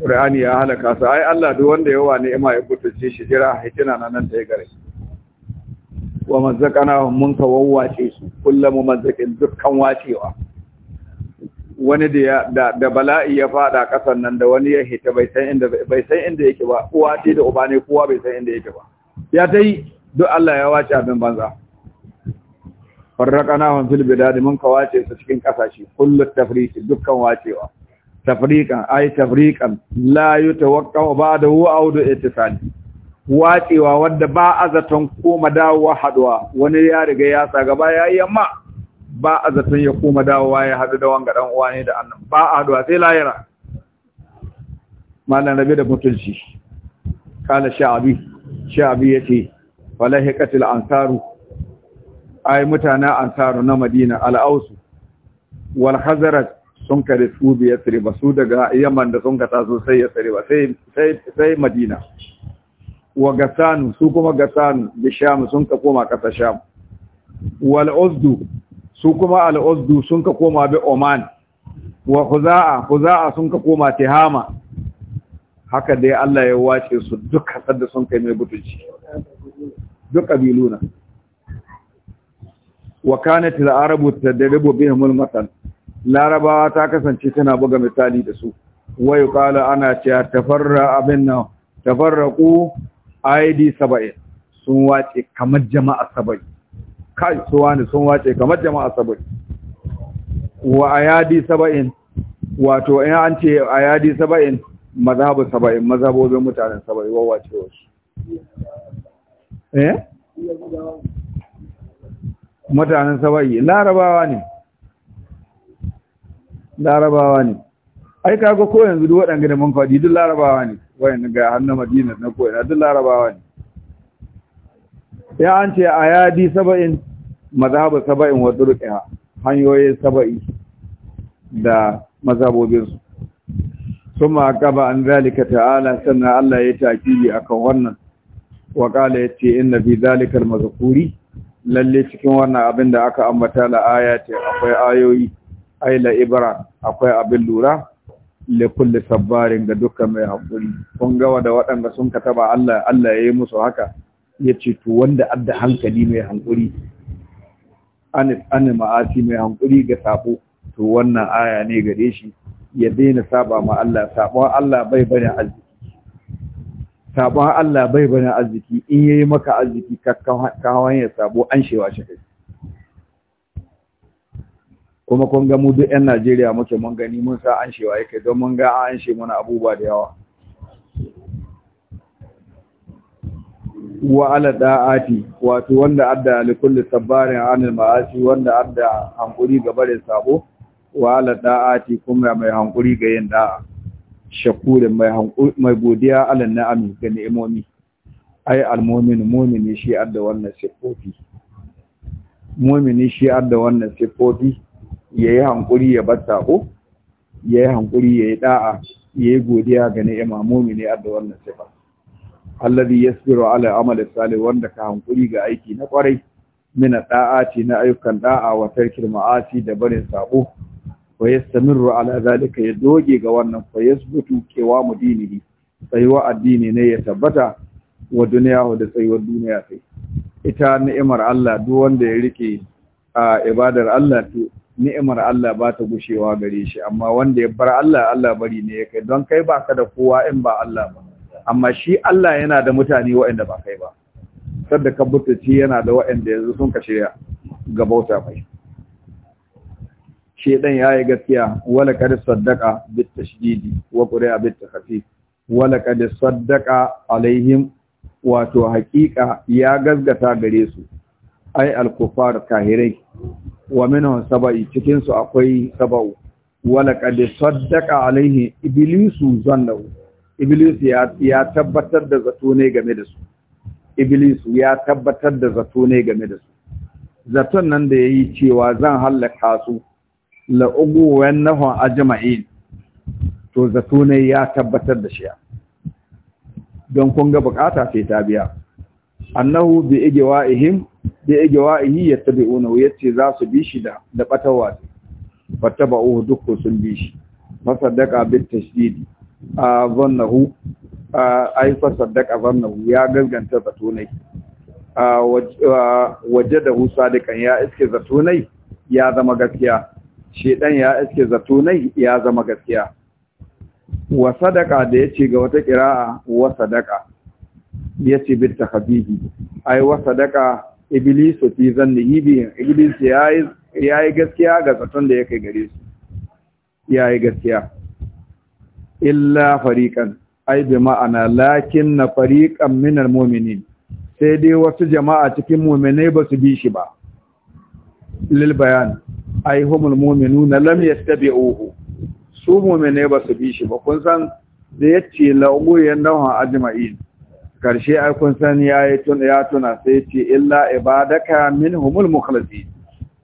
Al-Ra'ani ya halaka su ai Allah duk wanda yawa ne ima ya kutuce shi jira hitina na nan ta yi gare wa mazzaqana mun ka wawwace su kullum mazzakin dukkan wacewa wani da da bala'i ya fada kasan nan da wani ya hita bai san inda bai san inda yake ba uwa ce da uba ne kowa bai san inda yake ba ya dai duk Allah ya wace abin banza hum fil bidad mun ka wace su cikin kasashe kullu tafriq dukkan wacewa tafriqan ay tafriqan la yatawaqqa ba'dahu awdu ittisal wacewa wadda ba azaton koma dawowa haduwa wani ya riga ya sa gaba yayi amma ba a zaton ya koma dawowa ya haɗu da wanga ɗan uwa ne da annan ba a haɗuwa sai layira malam rabe da mutunci kala sha'abi sha'abi ya ce walahi katil ansaru ai mutanen ansaru na madina al'ausu wal hazarat sun kare su biya ba su daga yaman da sun ka taso sai ya ba sai madina wa gasanu su kuma gasanu da shamu sun ka koma ƙasa shamu wal uzdu su kuma al'uzdu sun ka koma bi oman wa huza'a huza'a sun ka koma tehama haka dai Allah ya wace su duk sadda sun kai mai butunci duk ƙabiluna wa kanat al-arabu tadribu bihim al-matal larabawa ta kasance tana buga misali da su wai kala ana cewa tafarra abin nan tafarraqu aidi saba'in sun wace kamar jama'a saba'in kai suwa ne sun wace kamar jama'a saboda. wa ayadi saba'in wato in an ce ayadi saba'in mazhabu saba'in mazhabobin mutanen saba'in wace wasu eh mutanen saba'in larabawa ne larabawa ne ai kaga ko yanzu duk waɗanda da mun faɗi duk larabawa ne wayan ga hannu madina na koyana duk larabawa ne ya an ce ayadi saba'in mazhabu saba'in wa hanyoyin saba'i da mazhabobinsu sun ma'akaba an zalika ta'ala sannan Allah ya takiri a kan wannan waƙala ya ce inna fi zalikar mazakuri lalle cikin wannan abin da aka ambata la'aya ce akwai ayoyi aila ibra akwai abin lura le kulle sabbarin ga dukkan mai haƙuri kun gawa da waɗanda sun ka taba Allah Allah ya yi musu haka ya ce to wanda adda hankali mai hankuri an ma'asi mai hankuri ga sabo to wannan aya ne gare shi ya daina saba ma Allah sabon Allah bai bane arziki sabon Allah bai bane arziki in yayi maka arziki ka kawan ya sabo an shewa shi kai kuma kun ga mu duk 'yan Najeriya muke mun gani mun sa an shewa yake don mun ga an she mana abubuwa da yawa wa ala da'ati wato wanda adda li kulli sabarin anil ma'asi wanda adda hankuri ga bare sabo wa ala da'ati kuma mai hankuri ga yin da'a shakurin mai hankuri mai godiya ala na'ami ga ni'imomi ai almu'min mu'mini shi adda wannan sifofi mu'mini shi adda wannan sifofi yayi hankuri ya bar sabo yayi hankuri yayi da'a yayi godiya ga ni'ima mu'mini adda wannan sifofi alladhi yasbiru ala amali salih wanda ka hankuri ga aiki na kwarai min da'ati na ayyukan da'a wa tarkil ma'asi da barin sabo wa yastamiru ala zalika ya doge ga wannan fa yasbutu kewa mudinihi tsayuwa addini ne ya tabbata wa duniya da tsayuwar duniya sai ita ni'imar Allah duk wanda ya rike a ibadar Allah to ni'imar Allah ba ta gushewa gare shi amma wanda ya bar Allah Allah bari ne ya kai don kai baka da kowa in ba Allah ba amma shi Allah yana da mutane waɗanda ba kai ba sadda ka butaci yana da waɗanda yanzu sun kashe ga bauta mai shedan yayi gaskiya wala kad saddaqa bit tashdidi wa qura bit takhfi wala kad saddaqa alaihim wato haqiqa ya gazgata gare su ai al-kufar kahirai wa minhum sabai cikin su akwai sabau wala kad saddaqa alaihi iblisu zannahu Iblis ya tabbatar da zato ne game da su Iblis ya tabbatar da zato ne game da su zaton nan da ya yi cewa zan hallaka su la ugu a ajma'in to zato ne ya tabbatar da shi don kun ga bukata sai ta biya annahu bi ya bi igwa'ihi ya yace za su bi shi da da Fata ba'u dukku sun bi shi fasaddaka bin tashdidi a zannahu aifar fa saddaqa zannahu ya gaganta zato a waje da husa da kan ya iske zatonai, ya zama gaskiya shedan ya iske zatonai, ya zama gaskiya wa sadaka da ya ce ga wata kira'a wa sadaka yace bi A ai wa sadaka iblisu fi zannihi bi iblis ya yi gaskiya ga zaton da kai gare su yi gaskiya illa fariqan ai bi ma'ana lakin na fariqan minal mominin sai dai wasu jama'a cikin mu'minai ba su bi shi ba lil bayan ai humul mu'minuna lam yastabi'uhu su mu'minai ba su bi shi ba kun san da yace la'uyan dawhan ajma'in karshe ai kun san yi tun ya tuna sai yace illa ibadaka minhumul mukhlasin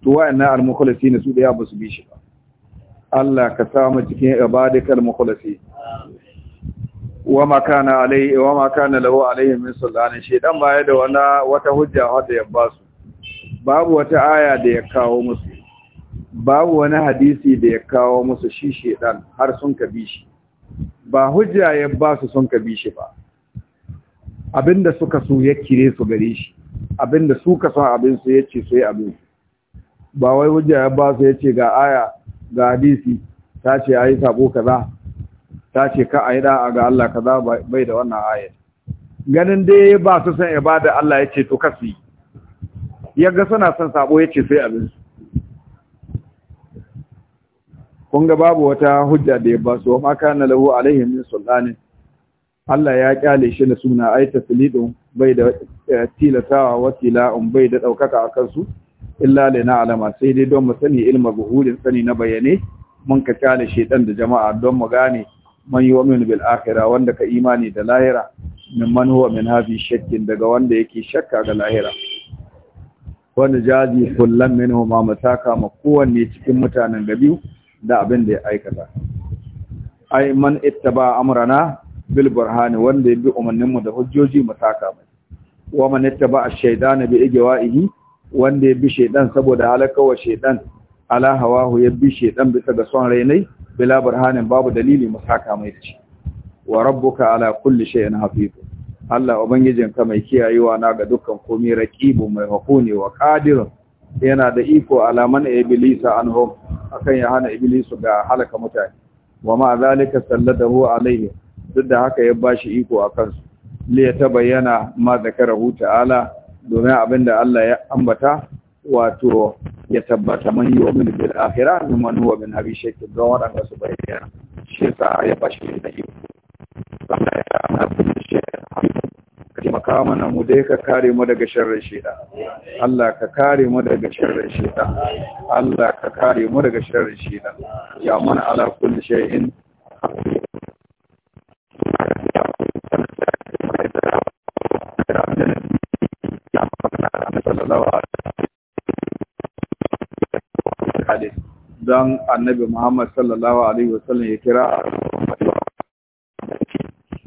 to wa'anna al mukhlasin su da ya ba su bi shi ba Allah ka samu cikin ibadikal mukhlasi wa ma kana alai wa ma kana lahu alaihim min sultanin shedan baya da wani wata hujja wata ya ba su babu wata aya da ya kawo musu babu wani hadisi da ya kawo musu shi shedan har sun bi shi ba hujja ya ba su sun bi shi ba abinda suka so ya kire su gare shi abinda suka son abin su yace su yi abin ba wai hujja ya ba su yace ga aya ga hadisi ta ce a yi sabo kaza ta ce ka a yi da'a ga Allah kaza bai da wannan ayat ganin dai ba su san ibada Allah ya ce to kasi yaga suna son sabo ya ce sai abin su kun ga babu wata hujja da ya ba su na kana lahu alaihim min sultani Allah ya kyale shi da suna ai taslidun bai da eh, tilatawa wasila um bai da daukaka akan su illa na na'lama sai dai don mu sani ilma buhurin sani na bayane mun ka kyale shedan da jama'a don mu gane man wamin bil akhirah wanda ka imani da lahira min man huwa min hafi shakkin daga wanda yake shakka ga lahira wanda jazi kullam minhu ma mataka ma kowanne cikin mutanen gabi da abin da ya aikata ai man ittaba amrana bil burhani wanda ya bi umarninmu da hujjoji mataka mai wa man ittaba ash-shaytana bi ijwa'ihi wanda ya bi shaidan saboda halakawa shaidan ala hawahu ya bi shaidan bisa ga son rainai bila burhanin babu dalili musaka mai ci wa rabbuka ala kulli shay'in hafiz Allah ka mai kiyayewa na ga dukkan komai raqibu mai hukuni wa qadir yana da iko alaman iblisa anhu akan ya hana iblisu ga halaka mutane wa ma zalika sallatahu alaihi duk da haka ya bashi iko akan su li ta bayyana ma hu ta'ala domin abinda Allah ya ambata wato ya tabbata man yi wa min bil akhirah man huwa min abi shaykh don waɗanda su bayyana shi sa ya bashi da yi Allah ya amfani da shi ka makama na mu dai ka kare mu daga sharrin da Allah ka kare mu daga sharrin da Allah ka kare mu daga sharrin da ya mana ala kulli shay'in salawat annabi Muhammad sallallahu Alaihi wasallam ya kira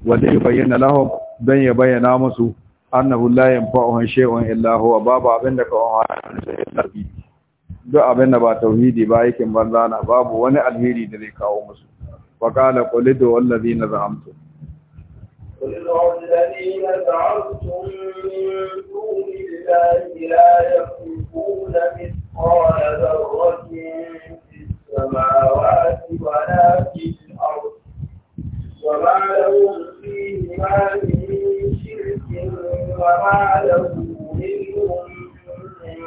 wanda ya bayyana lahu don ya bayyana musu annahu la fa'on shay'un illa a babu abinda ka wani duk abinda ba tauhidi ba yake banzana babu wani alheri da zai kawo musu wa qala qulidu wallazi na قل الذين من دون الله لا مثقال ذرة في السماوات ولا في الأرض وما لهم من شرك وما له منهم من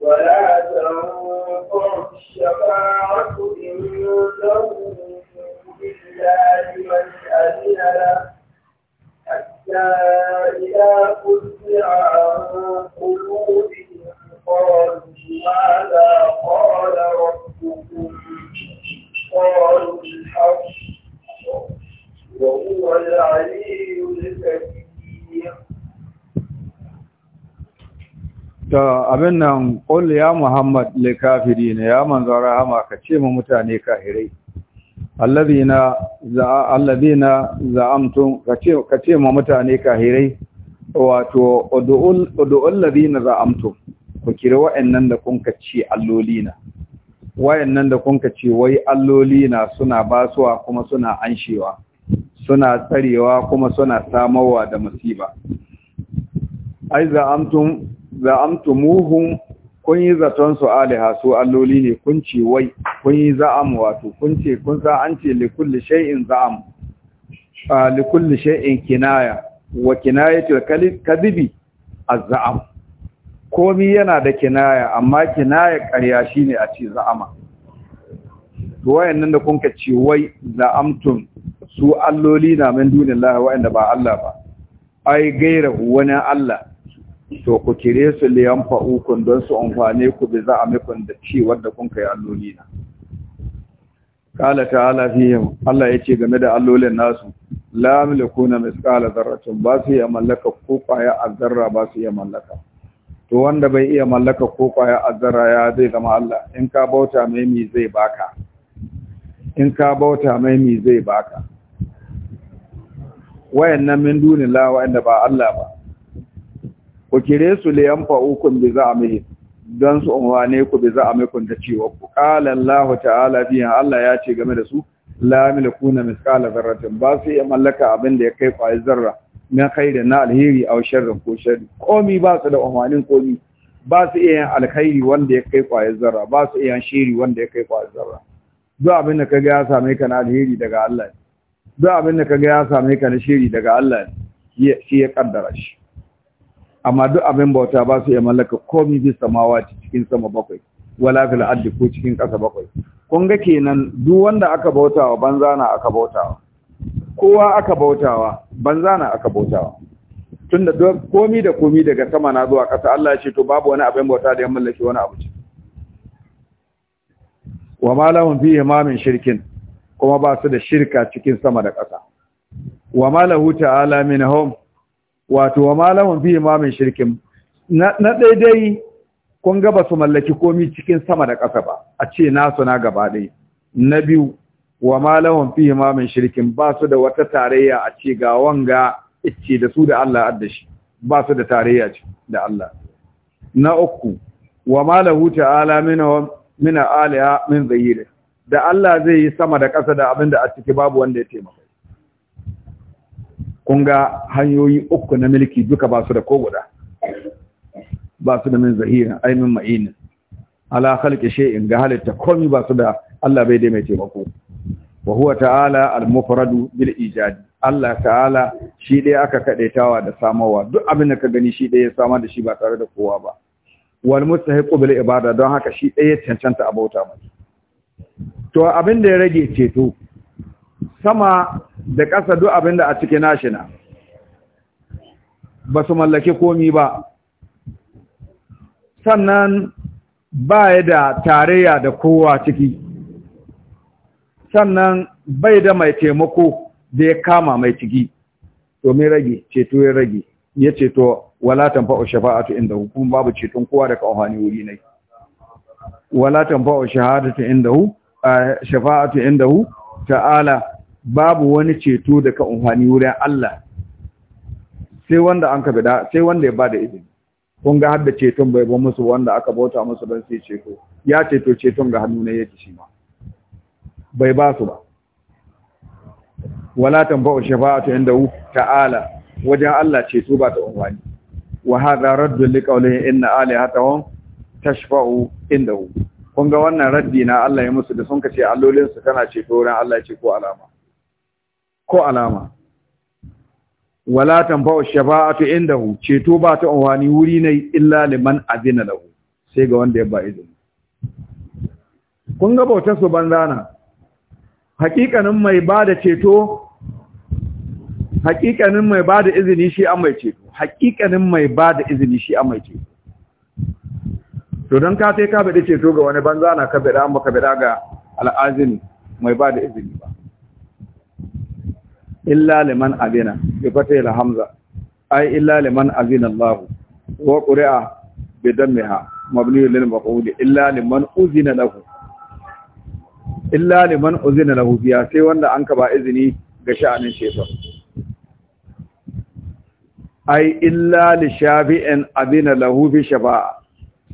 ولا تنفع الشفاعة إنه abin nan ƙulli ya muhammad le kafiri ne ya manzara hama ka ce mu mutane kahirai allazina na za'amtum kace kace ma mutane kahirai wato ud'ul ud'ul ladina za'amtum ku kire wa’yannan da kun kace allolina wayannan da kun kace wai allolina suna basuwa kuma suna anshewa suna tsarewa kuma suna samarwa da musiba ai za'amtum muhun. kun yi zaton su aliha su alloli ne kun ce wai kun yi za'am wato kun ce kun sa an ce likulli shay'in za'am likulli shay'in kinaya wa kinayatul kadhibi az-za'am Komai yana da kinaya amma kinaya ƙarya shine a ce za'ama to wayannan da kun ka ce wai za'amtum su alloli na min dunillahi wayanda ba Allah ba ai gaira wani Allah to ku kire su liyan fa'ukun don su amfane ku bi za a mikun da ci wadda kun kai alloli na kala ala fihim Allah ya ce game da allolin nasu la mai misqala dharratin ba su iya mallaka ko kwaya azzarra ba su iya mallaka to wanda bai iya mallaka ko kwaya azzarra ya zai zama Allah in ka bauta mai mi zai baka in ka bauta mai mi zai baka wayannan min dunillahi wayanda ba Allah ba ku kire su li yanfa'ukum bi za'mihim dan su umwane ku bi za'mikum da cewa ku qala Allah ta'ala biya Allah ya ce game da su la milkuna misqala zarratin ba su ya mallaka abin da ya kai kwaye zarra na khairi na alheri aw sharri ko sharri komi ba su da umwanin komi ba su iya yin alkhairi wanda ya kai kwaye zarra ba su iya yin shiri wanda ya kai kwaye zarra duk abin da kaga ya same ka na alheri daga Allah duk abin da kaga ya same ka na shiri daga Allah shi ya kaddara shi amma duk abin bauta ba su iya mallaka komi bi samawa cikin sama bakwai wala fil ardi ko cikin ƙasa bakwai kun ga kenan duk wanda aka bautawa banza na aka bautawa kowa aka bautawa banza na aka bautawa tunda komi da komi daga sama na zuwa ƙasa Allah ya ce to babu wani abin bauta da ya mallaki wani abu ce wa ma lahum fihi ma min shirkin kuma ba su da shirka cikin sama da ƙasa wa ma lahu ta'ala min wato wa malamun fi imamin shirkin na daidai kun ga ba su mallaki komi cikin sama da ƙasa ba a ce nasu na gaba ɗaya na biyu wa malamun fi imamin shirkin ba su da wata tarayya a ce ga wanga ce da su da Allah addashi ba su da tarayya ce da Allah na uku wa malahu ta'ala mina mina min zahiri da Allah zai yi sama da ƙasa da abinda a ciki babu wanda ya taimaka kun ga hanyoyi uku na milki duka ba su da ko guda ba su da min zahirin ai min ma'inin ala khalqi shay'in ga halitta Komi ba su da Allah bai dai mai taimako wa huwa ta'ala al-mufradu bil ijadi Allah ta'ala shi dai aka kadaitawa da samawa duk abin da ka gani shi dai ya samar da shi ba tare da kowa ba wal mustahiqu bil ibada don haka shi dai ya cancanta abota mai to abin da ya rage ceto sama da ƙasa duk abin da a cikin nashina ba su mallaki komi ba sannan baya da tarayya da kowa ciki sannan bai da mai taimako da ya kama mai ciki domin rage ceto ya rage ya ceto wala tanfa'u shafa'atu inda hukun babu ceton kowa daga ohani wuri ne wala tanfa'u eh, shafa'atu indahu shafa'atu ta'ala babu wani ceto da ka umfani wurin Allah sai wanda an ka bida sai wanda ya bada izini kun ga hadda ceton bai ba musu wanda aka bauta musu don sai ceto ya ceto ceton ga hannu ne yake shi ma bai ba su ba wala tanba'u shafa'atu inda ta'ala wajen Allah ceto ba ta umfani wa hadha raddu qawlihi inna alihatahum tashfa'u hu kun ga wannan raddi na Allah ya musu da sun kace allolin su tana ceto ran Allah ya ce ko alama ko alama wala tanfa'u shafa'atu indahu ceto ba ta wani wuri ne illa liman azina lahu sai ga wanda ya ba izini kun ga bautar su banzana hakikanin mai ba da ceto hakikanin mai ba da izini shi an mai ceto hakikanin mai ba da izini shi an mai ceto to don ka sai ka bada ceto ga wani banzana ka bada amma ka bada ga al'azini mai ba da izini ba illa liman adina bi da hamza ay illa liman azina Allah wa qira'a bi dammiha mabni lil maf'ul illa liman uzina lahu illa liman uzina lahu ya sai wanda an ka ba izini ga sha'anin shefa ay illa li shafi'in adina lahu bi shafa'a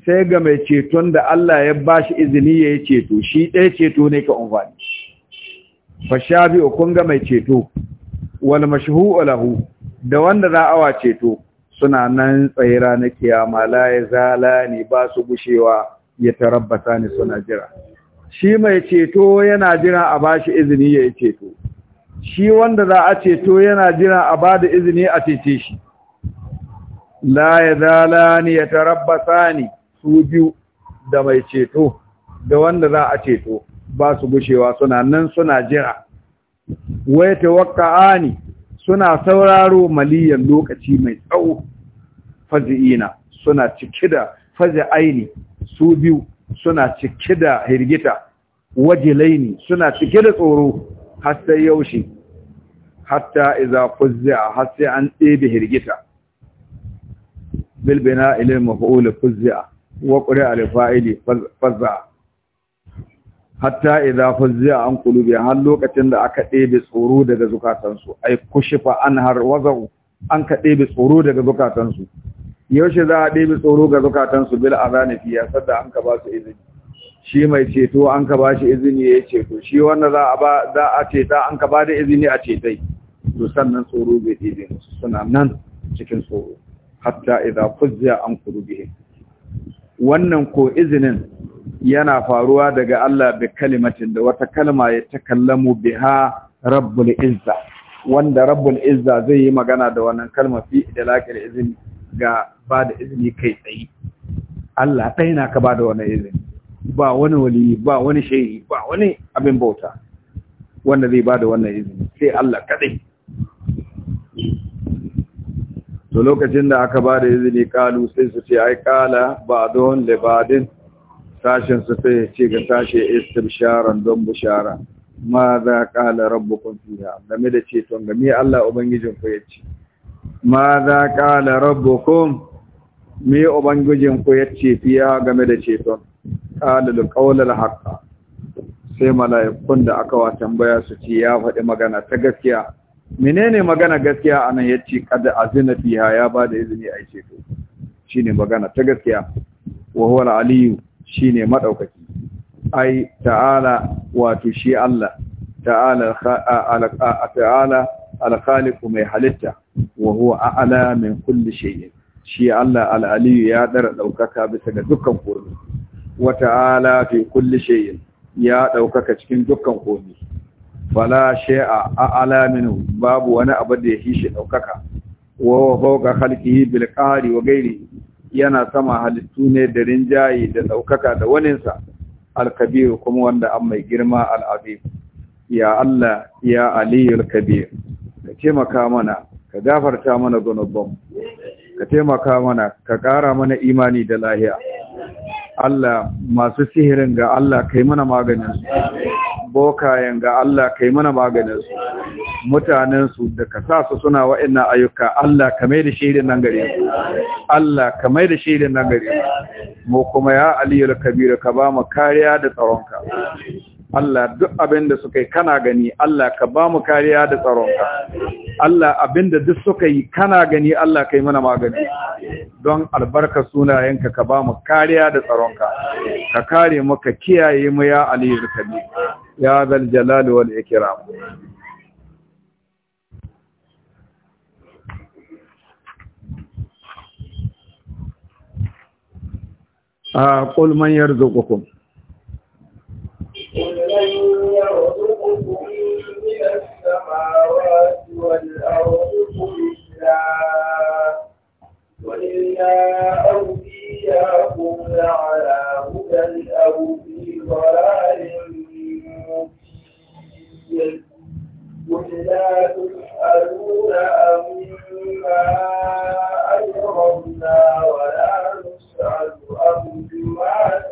sai ga mai ceton da Allah ya bashi izini yayi ceto shi ɗaya ceto ne ka umfani. fa shafi'u kun ga mai ceto wal mashhu lahu da wanda za a wace to suna nan tsaye ranar kiyama la ya zala ba su gushewa ya tarabbata ne suna jira shi mai ceto yana jira a bashi izini ya yi ceto shi wanda za a ceto yana jira a ba da izini a cece shi la ya zala ne ya tarabbata ne su biyu da mai ceto da wanda za a ceto ba su gushewa suna nan suna jira wai tawakka'ani suna sauraro maliyan lokaci mai tsawo fazi'ina suna cike da fazi'aini su biyu suna cike da hirgita wajilaini suna cike da tsoro har yaushe hatta iza fuzza har sai an ɗebe hirgita bil bina ilal maf'ul fuzza wa qira al fa'ili fazza hatta idza fuzzi'a an qulubi har lokacin da aka ɗebe tsoro daga zukatansu ai kushifa an har wazau an ka debe tsoro daga zukatansu yaushe za a ɗebe tsoro ga zukatansu bil azani ya sadda an ka ba su izini shi mai ceto an ka ba shi izini ya ceto shi wanda za a ba za a ceta an ka ba da izini a cetai to sannan tsoro bai debe su suna nan cikin tsoro hatta idza fuzzi'a an qulubi wannan ko izinin yana faruwa daga Allah bi kalimatin da wata kalma ya takallamu biha rabbul izza wanda rabbul izza zai yi magana da wannan kalma fi idlaqil izini ga ba da izini kai tsaye Allah ɗaya na ka ba da wannan izini ba wani wali ba wani shehi ba wani abin bauta wanda zai ba da wannan izini sai Allah kaɗai to lokacin da aka ba da izini kalu sai su ce ai kala ba don libadin sashen su sai ya ce ga sashe istibsharan don bushara ma za qala rabbukum fiha game da ce Ga game Allah ubangijin ku yace ma za qala rabbukum me ubangijin ku yace fiya game da ce Ƙala da ƙaunar alhaqa sai mala'ikun da aka wa tambaya su ce ya faɗi magana ta gaskiya menene magana gaskiya anan yace kad azina fiha ya bada izini a ce to shine magana ta gaskiya wa huwa aliyu Shi ne maɗaukaki ai ta'ala wato shi Allah ta'ala al-khaliq mai halitta wa huwa a'la min kulli shay'in shi Allah al ya dara daukaka bisa ga dukkan komai wa ta'ala fi kulli shay'in ya daukaka cikin dukkan komai fala shay'a a'la minhu babu wani abu da yake shi daukaka wa huwa fawqa khalqihi bil qahri wa ghairihi yana sama halittu ne da rinjaye da ɗaukaka da waninsa alkabiru kuma wanda an mai girma al'azim ya Allah ya aliyul kabir ka taimaka mana ka gafarta mana gunubban ka taimaka mana ka ƙara mana imani da lahiya Allah masu sihirin ga Allah kai mana maganin bokayen ga Allah kai mana maganinsu, su mutanen su da ka sa su suna wa'annan ayyuka Allah ka mai da shirin nan gare su Allah ka mai da shirin nan gare mu kuma ya aliyul kabir ka ba mu kariya da tsaronka Allah duk abin da suka yi kana gani Allah ka ba mu kariya da tsaronka Allah abin da duk suka yi kana gani Allah ka yi mana magani don albarka sunayenka ka ba mu kariya da tsaronka ka kare mu ka kiyaye mu ya aliyu kabir يا ذا الجلال والإكرام آه قل من يرزقكم قل من يرزقكم من السماوات والأرض قل وإلا أولياكم لعلى هدى أو في ضلال الرسل قل لا تسألون أما أجرمنا ولا نسأل أما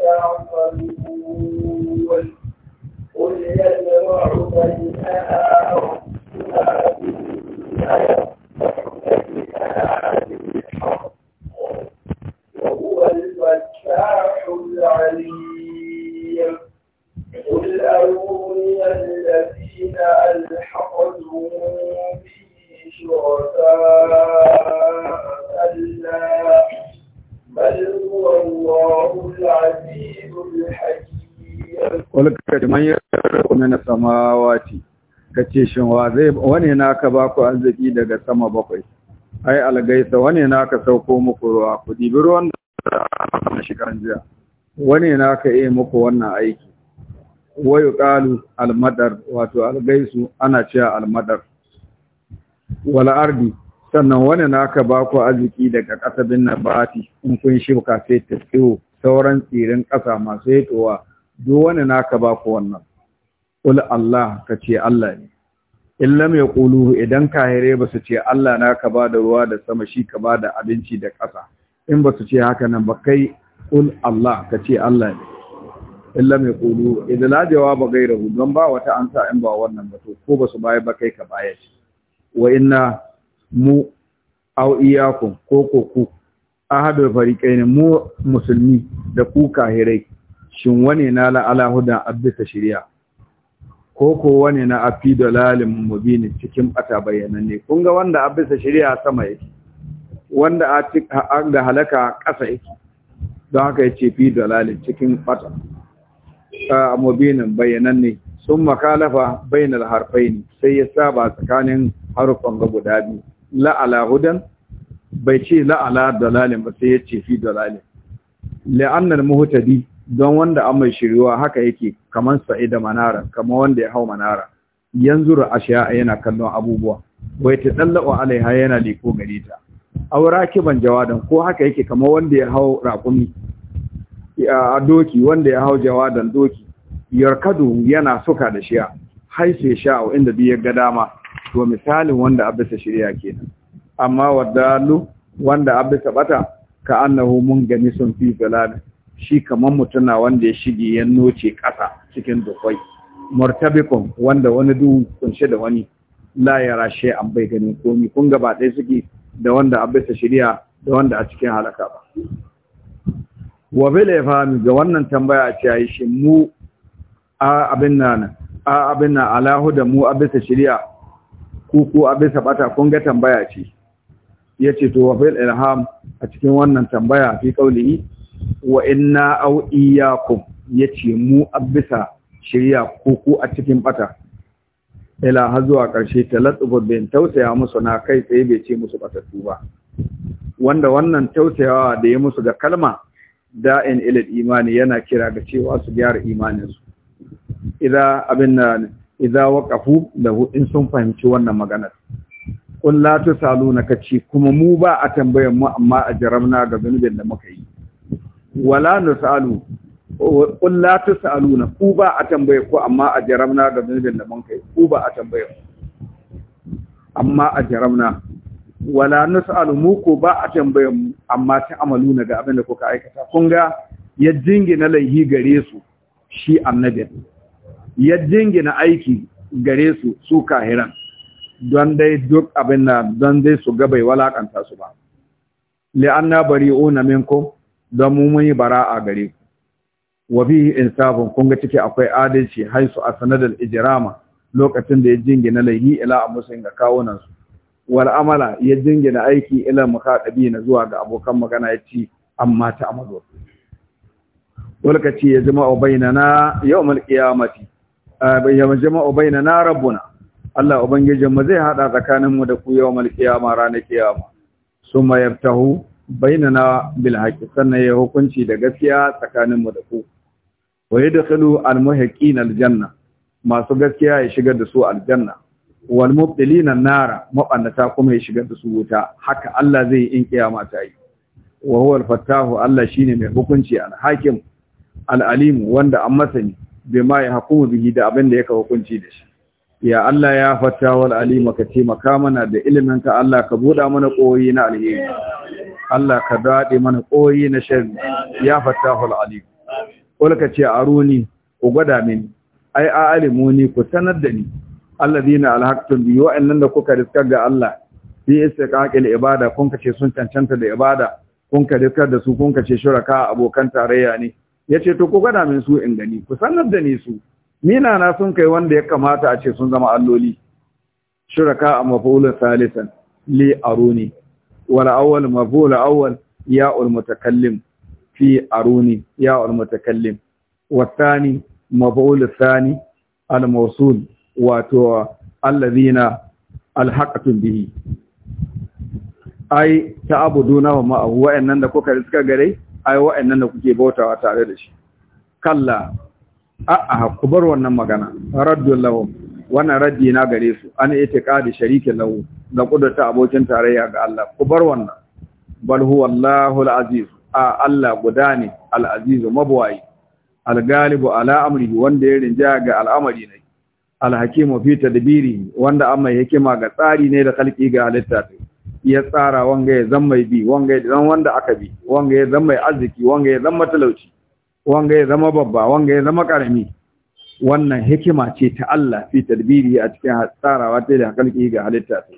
تعملون قل يجمع بيننا وهو الفتاح العليم Wani kaka الذين ألحقتم به شركاء كلا بل هو الله العزيز الحكيم wa zai na ka ba ku arziki daga sama bakwai ai algaisa na ka sauko muku ruwa ku dibi ruwan da shiga jiya na ka yi muku wannan aiki wayo ƙalu almadar wato algaisu ana cewa almadar wala ardi sannan wani na aka ba ku arziki daga na nabati in kun shibka sai ta tsiro sauran tsirin ƙasa masu hitowa duk wani na aka ba ku wannan qul Allah ka ce Allah ne in lam yaqulu idan kahire ba su ce Allah na ka ba da ruwa da sama shi ka ba da abinci da ƙasa in ba su ce haka nan ba kai qul Allah ka ce Allah ne illa mai kulu idza la jawaba gairahu don ba wata ansa in ba wannan ba to ko ba su baya ba kai ka baya shi wa inna mu aw iyakum ko ko ku ahadu fariqaini mu musulmi da ku kahirai shin wane na la ala huda ta shari'a ko ko wane na afi dalalin mubin cikin bayanan ne, kun ga wanda abisa shari'a sama yake wanda a ga halaka ƙasa yake don haka ya ce fi dalalin cikin fata mubinan bayyananne sun makalafa bainal ne, sai ya saba tsakanin harufan ga guda biyu la'ala hudan bai ce la'ala dalalin ba sai ya ce fi dalalin la'annal muhtadi don wanda an mai shiryuwa haka yake kaman sa'ida manara kaman wanda ya hau manara yanzu ra'ashiya yana kallon abubuwa wai ta dallawa alaiha yana liko gare ta aura kiban jawadan ko haka yake kaman wanda ya hau rakumi. a doki wanda ya hau jawadan doki yarkadu yana suka da shiya haife sha'o inda duk ya ga dama to misalin wanda ta shirya kenan amma wadalu wanda ta bata ka annahu mun gani sun fi zalal shi kaman mutuna wanda ya shige ya noce kasa cikin dukwai murtabikum wanda wani du kunshe da wani la ya rashe an bai gani komi kun gaba ɗaya suke da wanda ta shirya da wanda a cikin halaka ba wa bil ifhami ga wannan tambaya a cewa shi mu a abin nan a abin nan alahu da mu abisa shari'a ku ku abisa bata kun ga tambaya ce yace to wa bil ilham a cikin wannan tambaya fi kauli wa inna aw ya yace mu abisa shari'a ku ku a cikin bata ila har zuwa karshe talatsubu bin tausaya musu na kai sai bai ce musu batattu ba wanda wannan tausayawa da ya musu da kalma da'in ilil imani yana kira ga cewa su gyara imaninsu idan abin na idan waqafu da in sun fahimci wannan maganar kun la na kace kuma mu ba a tambayar mu amma a jaramna ga zunubin da muka yi wala salu kun la na ku ba a tambayar ku amma a jaramna ga zunubin da muka yi ku ba a tambayar amma a jaramna wala nasu mu ko ba a tambayan mu amma ta amalu na ga abin da kuka aikata kun ga ya jingina laihi gare su shi annabin ya jingina aiki gare su su kahiran don dai duk abin na don dai su gabai walakanta su ba li'anna bari'una minkum don mu mun yi bara'a gare ku wa fihi in kun ga ciki akwai adalci haisu a sanadar ijirama lokacin da ya jingina laihi ila a musulun ga kawunan su Wal'amala ya jingina aiki ila na zuwa ga abokan magana yace amma ta amazo walka ya jama'u bainana yawmal qiyamati ah, ya jama'u bainana rabbuna Allah ubangijin mu zai haɗa tsakanin mu da ku yawmal qiyama ranar kiyama. summa yaftahu bainana bil bilhaki, sannan ya hukunci da gaskiya tsakanin mu da ku wa al muhiqina al janna masu gaskiya ya shigar da su aljanna wal mubtilina nara mabannata kuma ya shigar da su wuta haka Allah zai in kiyama ta yi wa huwa al-fattahu Allah shine mai hukunci al-hakim al-alim wanda an masani bima ya hukumu bihi da abin da yake hukunci da shi ya Allah ya fattahu al-alim ka taimaka mana da ilimin ka Allah ka buda mana koyi na alheri Allah ka dade mana koyi na sharri ya fattahu al-alim kulka ce aruni ku gwada mini ai a alimuni ku sanar da ni alladhina alhaqtum bi wa'annan da kuka riskar ga Allah fi istiqaqil ibada kun kace sun cancanta da ibada kun ka riskar da su kun kace shuraka abokan tarayya ne yace to ku gada min su in gani ku sanar da ni su mina na sun kai wanda ya kamata a ce sun zama alloli shuraka a mafulun salisan li aruni wal awwal maful awwal ya ul mutakallim fi aruni ya ul mutakallim والثاني مفعول الثاني الموصول wato allazina alhaqatun bihi ai ta ta'buduna wa ma'ahu wa'annan da kuka riska gare ai wa'annan da kuke bautawa tare da shi kalla a'a ku bar wannan magana raddul lahum wannan raddi gare su an itiqadi sharikin lahu da kudurta abokin tarayya ga Allah ku bar wannan bal huwa aziz a Allah guda ne al aziz mabwai al galibu ala amrihi wanda ya rinja ga al'amari ne alhakimu fi tadbiri wanda an mai hikima ga tsari ne da kalki ga halitta ya tsara wanga ya zan mai bi wanga ya zama wanda aka bi wanga ya zan mai arziki wanga ya zama talauci, wanga ya zama babba wanga ya zama karami wannan hikima ce ta Allah fi tadbiri a cikin tsarawa ta da kalki ga halitta ta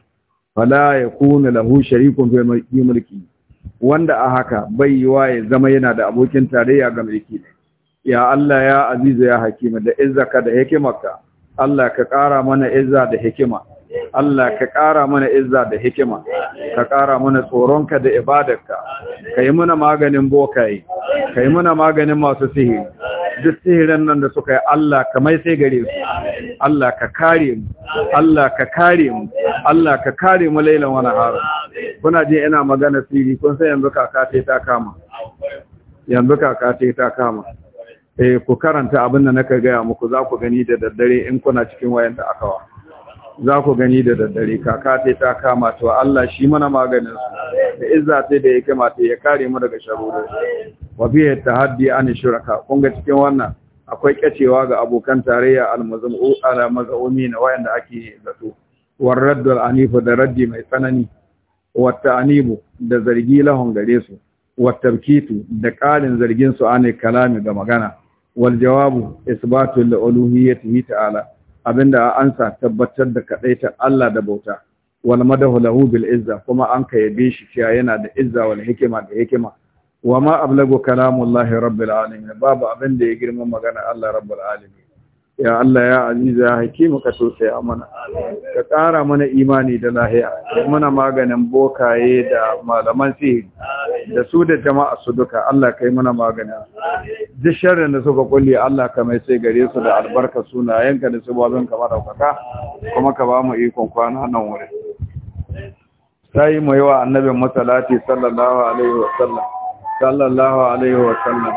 fala kuna lahu sharikun fi mulki wanda a haka bai yiwa ya zama yana da abokin tarayya ga mulki ya Allah ya Aziza ya hakima da izzaka da hikimarka Allah ka ƙara mana izza da hikima Allah ka ƙara mana izza da hikima ka ƙara mana tsoronka da ibadarka ka yi mana maganin bokaye ka yi mana maganin masu sihiri duk sihirin nan da suka yi Allah ka mai sai gare su Allah ka kare mu Allah ka kare mu Allah ka kare mu lailan wani haram kuna je ina magana sihiri kun san yanzu kaka ta kama yanzu kaka ta kama eh ku karanta abin da naka gaya muku za ku gani da daddare in kuna cikin wayan da akawa za ku gani da daddare kaka sai ta kama to Allah shi mana maganin su da izza sai da ya mata ya kare mu daga sharuru wa bi tahaddi an shuraka kun ga cikin wannan akwai kyacewa ga abokan tarayya al-mazmu al-mazumi na da ake zato war raddul anifu da raddi mai tsanani wa ta'anibu da zargi lahon gare su wa tabkitu da ƙarin zargin su ane kalami ga magana wal jawabu isbatu li uluhiyyatihi ta'ala abinda ansa tabbatar da kadaita Allah da bauta wal madahu lahu bil izza kuma an ka yabe shi cewa yana da izza wal hikima da hikima wa ma ablagu kalamullahi rabbil alamin babu abinda ya girma magana Allah rabbil alamin ya Allah ya aziza ya hakimu ka tausaya mana ka tsara mana imani da lahiya mana maganin bokaye da malaman sihiri da su da jama'a su duka Allah kai mana maganin duk sharrin da suka kulle Allah ka mai sai gare su da albarka sunayenka da babin ka madaukaka kuma ka ba mu ikon kwana nan wuri sai mu yi wa annabin masalati sallallahu alaihi wa sallam sallallahu alaihi wa sallam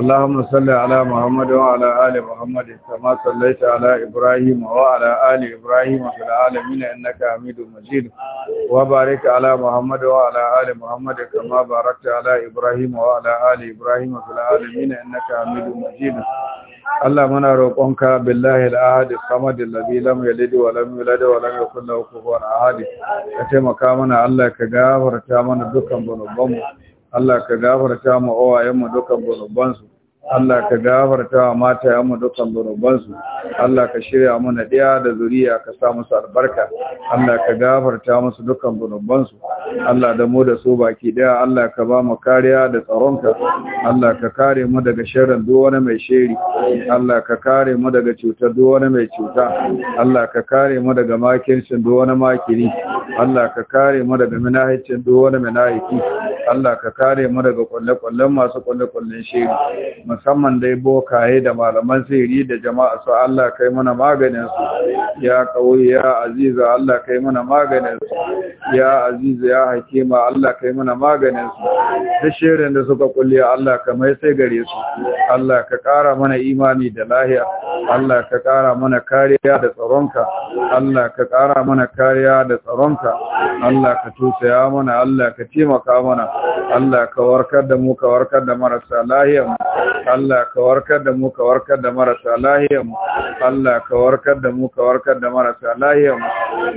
اللهم صل على محمد وعلى آل محمد كما صليت على إبراهيم وعلى آل إبراهيم في العالمين إنك حميد مجيد وبارك على محمد وعلى آل محمد كما باركت على إبراهيم وعلى آل إبراهيم في العالمين إنك حميد مجيد اللهم نروقك بالله الأحد الصمد الذي لم يلد ولم يولد ولم يكن له كفوا أحد كتمكا منا الله كغفرت منا دكان بنوبم Allah ka gafarta mu owayen mu dukan gurbansu Allah ka gafarta wa mata yamu dukkan zunubansu Allah ka shirya mana diya da zuriya ka sa musu albarka Allah ka gafarta musu dukkan zunubansu Allah da mu da su baki ɗaya Allah ka ba mu kariya da tsaronka Allah ka kare mu daga sharrin duk wani mai sheri Allah ka kare mu daga cutar duk wani mai cuta Allah ka kare mu daga makircin duk wani makiri Allah ka kare mu daga minahicin duk wani minahiki Allah ka kare mu daga kwalle-kwallen masu kwalle-kwallen sheri musamman dai bokaye da malaman sihiri da jama'a su Allah kai mana maganin su ya kauye ya aziza Allah kai mana maganin su ya aziza ya hakima Allah kai mana maganin su da shirin da suka kulle Allah ka mai sai gare su Allah ka kara mana imani da lahiya Allah ka kara mana kariya da tsaronka Allah ka kara mana kariya da tsaronka Allah ka tusaya mana Allah ka taimaka mana Allah ka warkar da mu ka warkar da marasa lahiyar Allah ka warkar da mu ka warkar da marasa lahiyar Allah ka warkar da mu ka warkar da marasa lahiyar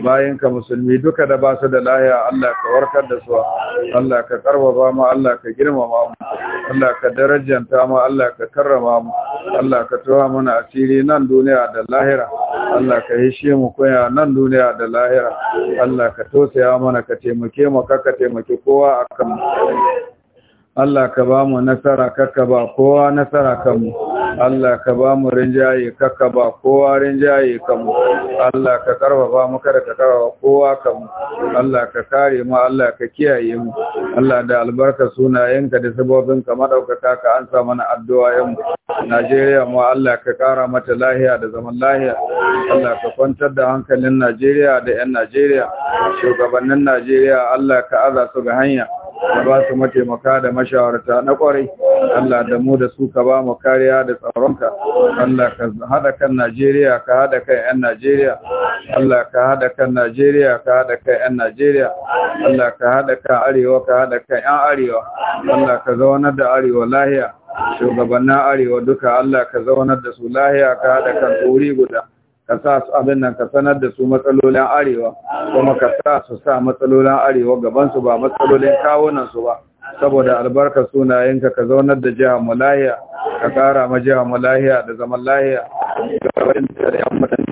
bayan ka musulmi duka da ba su da lahiya Allah ka warkar da su Allah ka karbaba mu Allah ka girmama mu Allah ka darajanta mu Allah ka karrama mu Allah ka tuwa mana asiri nan duniya da lahira Allah ka hishe mu koya nan duniya da lahira Allah ka tausaya mana ka taimake mu ka ka taimake kowa akan Allah ka ba mu nasara kakka ba kowa nasara kanmu Allah ka ba mu rinjaye kakka ba kowa rinjaye kanmu Allah ka karfafa mu kada ka karfafa kowa kanmu Allah ka kare mu Allah ka kiyaye mu Allah da albarka sunayenka da sabobin ka madaukaka ka ansa mana addu'a yan Najeriya mu Allah ka kara mata lahiya da zaman lahiya Allah ka kwantar da hankalin Najeriya da 'yan Najeriya shugabannin Najeriya Allah ka aza su ga hanya ka ba su mataimaka da mashawarta na kwarai Allah da mu da su ka ba mu kariya da tsaronka Allah ka hada kan Najeriya ka hada kan ƴan Najeriya Allah ka hada kan Najeriya ka hada kan ƴan Najeriya Allah ka hada kan Arewa ka hada kan ƴan Arewa Allah ka zaunar da Arewa lahiya shugabannin Arewa duka Allah ka zaunar da su lahiya ka hada kan wuri guda ka sa su abin nan ka sanar da su matsalolin arewa kuma ka sa su sa matsalolin arewa gaban su ba matsalolin kawunan su ba saboda albarka sunayenka ka zaunar da jihar mulahiya ka kara ma jihar mulahiya da zaman lahiya ga wani da yan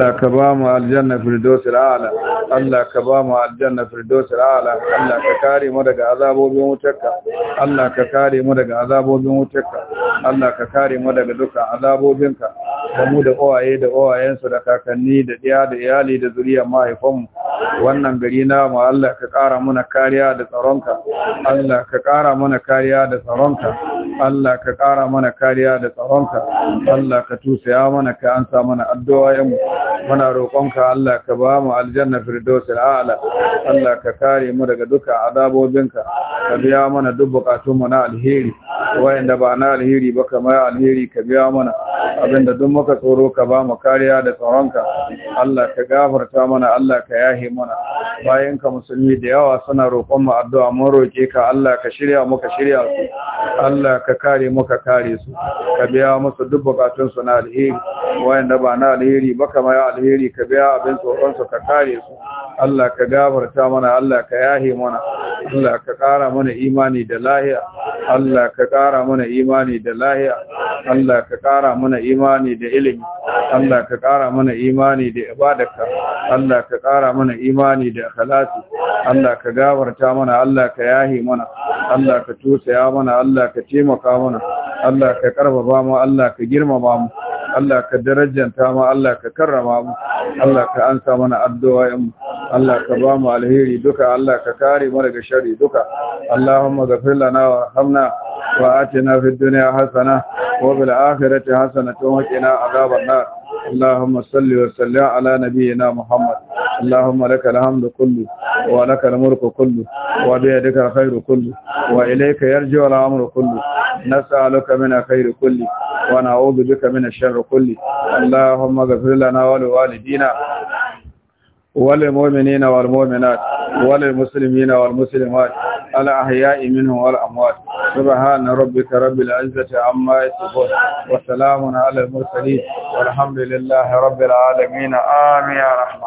Allah ka ba mu aljanna firdaus ala Allah ka ba mu aljanna firdaus ala Allah ka kare mu daga azabobin wutarka Allah ka kare mu daga azabobin wutarka Allah ka kare mu daga dukkan azabobinka da mu da uwaye da uwayensu da kakanni da diya da iyali da zuriyar mahaifanmu wannan gari namu Allah ka ƙara muna kariya da tsaronka Allah ka ƙara muna kariya da tsaronka Allah ka ƙara mana kariya da tsaronka Allah ka tusaya mana ka ansa mana mu. muna roƙonka Allah ka ba mu aljanna firdausil a'la Allah ka kare mu daga duka azabobinka ka biya mana duk mu na alheri wayanda ba na alheri ba kamar alheri ka biya mana abinda duk muka tsoro ka ba mu kariya da tsaronka Allah ka gafarta mana Allah ka yahe mana bayan ka musulmi da yawa suna roƙon mu addu'a mun roƙe ka Allah ka shirya mu ka shirya su Allah ka kare mu ka kare su ka biya musu duk bukatun su na alheri wayanda ba na alheri ba kamar alheri ka biya abin tsoron su ka kare su Allah ka gafarta mana Allah ka yahe mana Allah ka ƙara mana imani da lahiya Allah ka ƙara mana imani da lahiya Allah ka ƙara mana imani da ilimi Allah ka ƙara mana imani da ibadarka Allah ka ƙara mana imani da ikhlasi Allah ka gafarta mana Allah ka yahi mana Allah ka tusaya mana Allah ka taimaka mana Allah ka karfafa mu Allah ka girmama mu Allah ka darajanta mu Allah ka karrama mu Allah ka ansa mana addu'o'in mu Allah ka ba mu alheri duka Allah ka kare mu daga sharri duka Allahumma ghafir lana warhamna وآتنا في الدنيا حسنة وفي الآخرة حسنة وقنا عذاب النار اللهم صل وسلم على نبينا محمد اللهم لك الحمد كله ولك الملك كله وبيدك الخير كله وإليك يرجع الأمر كله نسألك من خير كله ونعوذ بك من الشر كله اللهم اغفر لنا ولوالدينا وللمؤمنين والمؤمنات وللمسلمين والمسلمات الأحياء منهم والأموات سبحان ربك رب العزة عما يصفون وسلام على المرسلين والحمد لله رب العالمين آمين يا رحمن